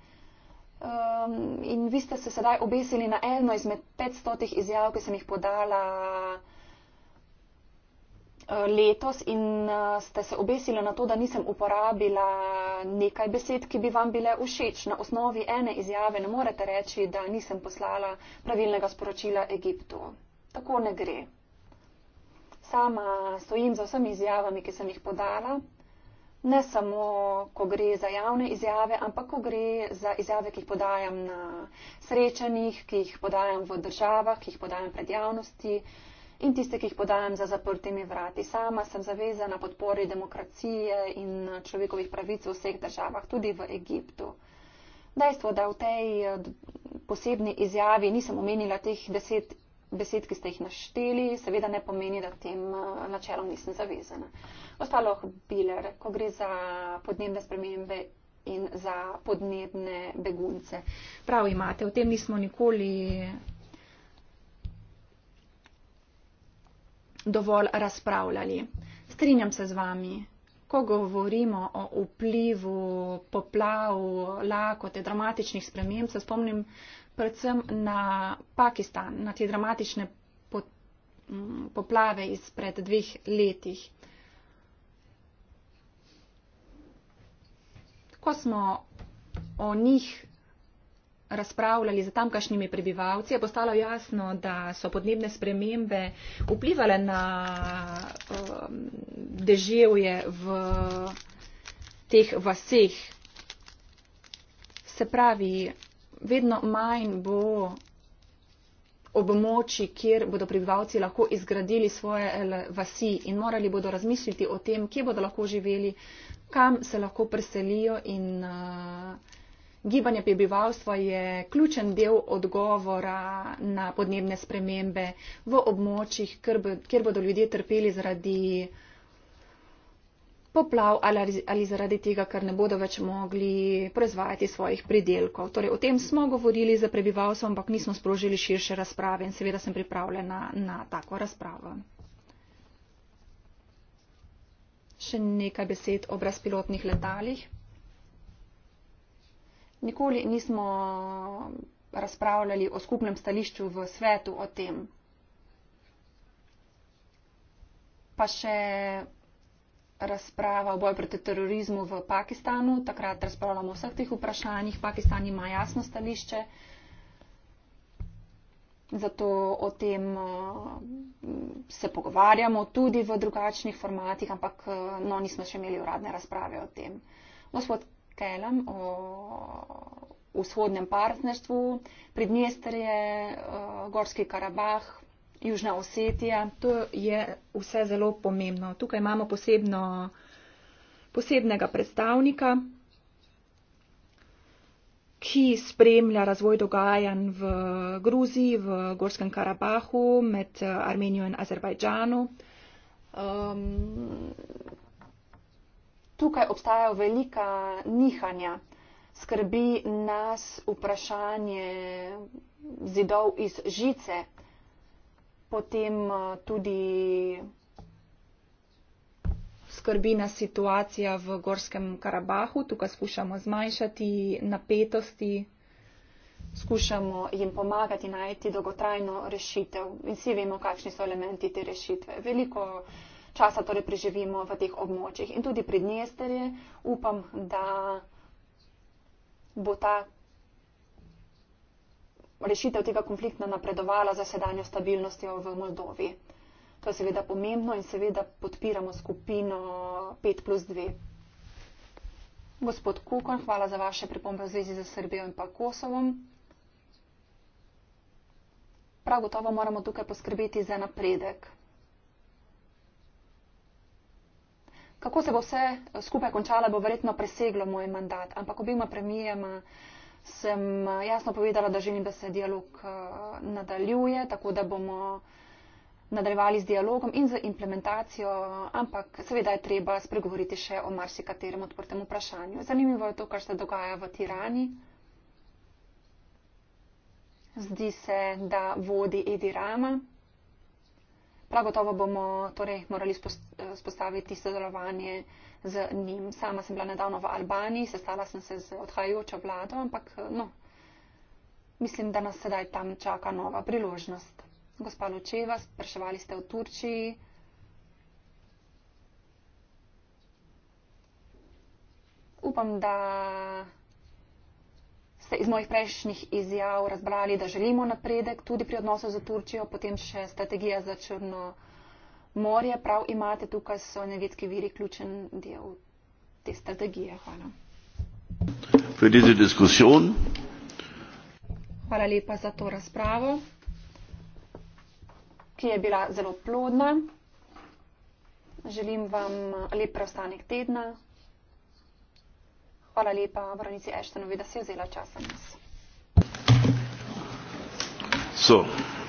Um, in vi ste se sedaj obesili na eno izmed 500 izjav, ki sem jih podala e, letos in e, ste se obesili na to, da nisem uporabila nekaj besed, ki bi vam bile všeč. Na osnovi ene izjave ne morete reči, da nisem poslala pravilnega sporočila Egiptu. Tako ne gre. Sama stojim za vsemi izjavami, ki sem jih podala, ne samo, ko gre za javne izjave, ampak ko gre za izjave, ki jih podajam na srečanjih, ki jih podajam v državah, ki jih podajam pred javnosti in tiste, ki jih podajam za zaprtimi vrati. Sama sem zavezana podpori demokracije in človekovih pravic v vseh državah, tudi v Egiptu. Dejstvo, da v tej eh, posebni izjavi nisem omenila teh deset besed, ki ste jih našteli, seveda ne pomeni, da tem eh, načelom nisem zavezana. Ostalo biler, ko gre za podnebne spremembe in za podnebne begunce. Prav imate, o tem nismo nikoli dovolj razpravljali. Strinjam se z vami. Ko govorimo o vplivu poplav, lakote, dramatičnih sprememb, se spomnim, predvsem na Pakistan, na te dramatične mm, poplave izpred dveh letih. Ko smo o njih razpravljali za tamkajšnjimi prebivalci, je postalo jasno, da so podnebne spremembe vplivale na um, deževje v teh vaseh. Se pravi, vedno manj bo območji, kjer bodo prebivalci lahko izgradili svoje vasi in morali bodo razmisliti o tem, kje bodo lahko živeli, kam se lahko preselijo in uh, gibanje prebivalstva je ključen del odgovora na podnebne spremembe v območjih, kjer bodo ljudje trpeli zaradi uh, poplav ali zaradi tega, ker ne bodo več mogli proizvajati svojih pridelkov. Torej, o tem smo govorili za prebivalstvo, ampak nismo sprožili širše razprave in seveda sem pripravljena na tako razpravo. Še nekaj besed o brezpilotnih letalih. Nikoli nismo razpravljali o skupnem stališču v svetu o tem. Pa še razprava o boju proti terorizmu v Pakistanu. Takrat razpravljamo o vseh teh vprašanjih. Pakistan ima jasno stališče. Zato o tem eh, se pogovarjamo tudi v drugačnih formatih, ampak eh, no, nismo še imeli uradne razprave o tem. Gospod Kelem o vzhodnem partnerstvu, Pridnjester je, eh, Gorski Karabah, Južna Osetija. To je vse zelo pomembno. Tukaj imamo posebno, posebnega predstavnika, ki spremlja razvoj dogajanj v Gruziji, v Gorskem Karabahu, med Armenijo in Azerbajdžanu. Um, tukaj obstajajo velika nihanja. Skrbi nas vprašanje zidov iz žice, potem eh, tudi skrbi nas situacija v Gorskem Karabahu. Tukaj skušamo zmanjšati napetosti, skušamo jim pomagati najti dolgotrajno rešitev. In vsi vemo, kakšni so elementi te rešitve. Veliko časa torej preživimo v teh območjih. In tudi pred Njesterje upam, da bo ta rešitev tega konflikta napredovala za sedanjo stabilnostjo v Moldovi. To je seveda pomembno in seveda podpiramo skupino 5 plus 2. Gospod Kukon, hvala za vaše pripombe v zvezi za Srbijo in pa Kosovom. Prav gotovo moramo tukaj poskrbeti za napredek. Kako se bo vse skupaj končalo, bo verjetno preseglo moj mandat, ampak obima premijema sem eh, jasno povedala, da želim, da se dialog eh, nadaljuje, tako da bomo nadaljevali z dialogom in z implementacijo, ampak seveda je treba spregovoriti še o marsikaterem odprtem vprašanju. Zanimivo je to, kar se dogaja v Tirani. Zdi se, da vodi Edi Rama. Prav gotovo bomo torej morali eh, spostaviti sodelovanje uh, z njim. Sama sem bila nedavno v Albaniji, sestala sem se z odhajajočo vlado, ampak eh, no, mislim, da nas sedaj tam čaka nova priložnost. Gospa Lučeva, spraševali ste v Turčiji. Upam, da ste iz mojih prejšnjih izjav razbrali, da želimo napredek tudi pri odnosu z Turčijo, potem še strategija za črno morje, prav imate tukaj so nevedski viri ključen del te strategije. Hvala. Hvala lepa za to razpravo, ki je bila zelo plodna. Želim vam lep preostanek tedna. Hvala lepa, Vranici Eštenovi, da si vzela čas za nas. So.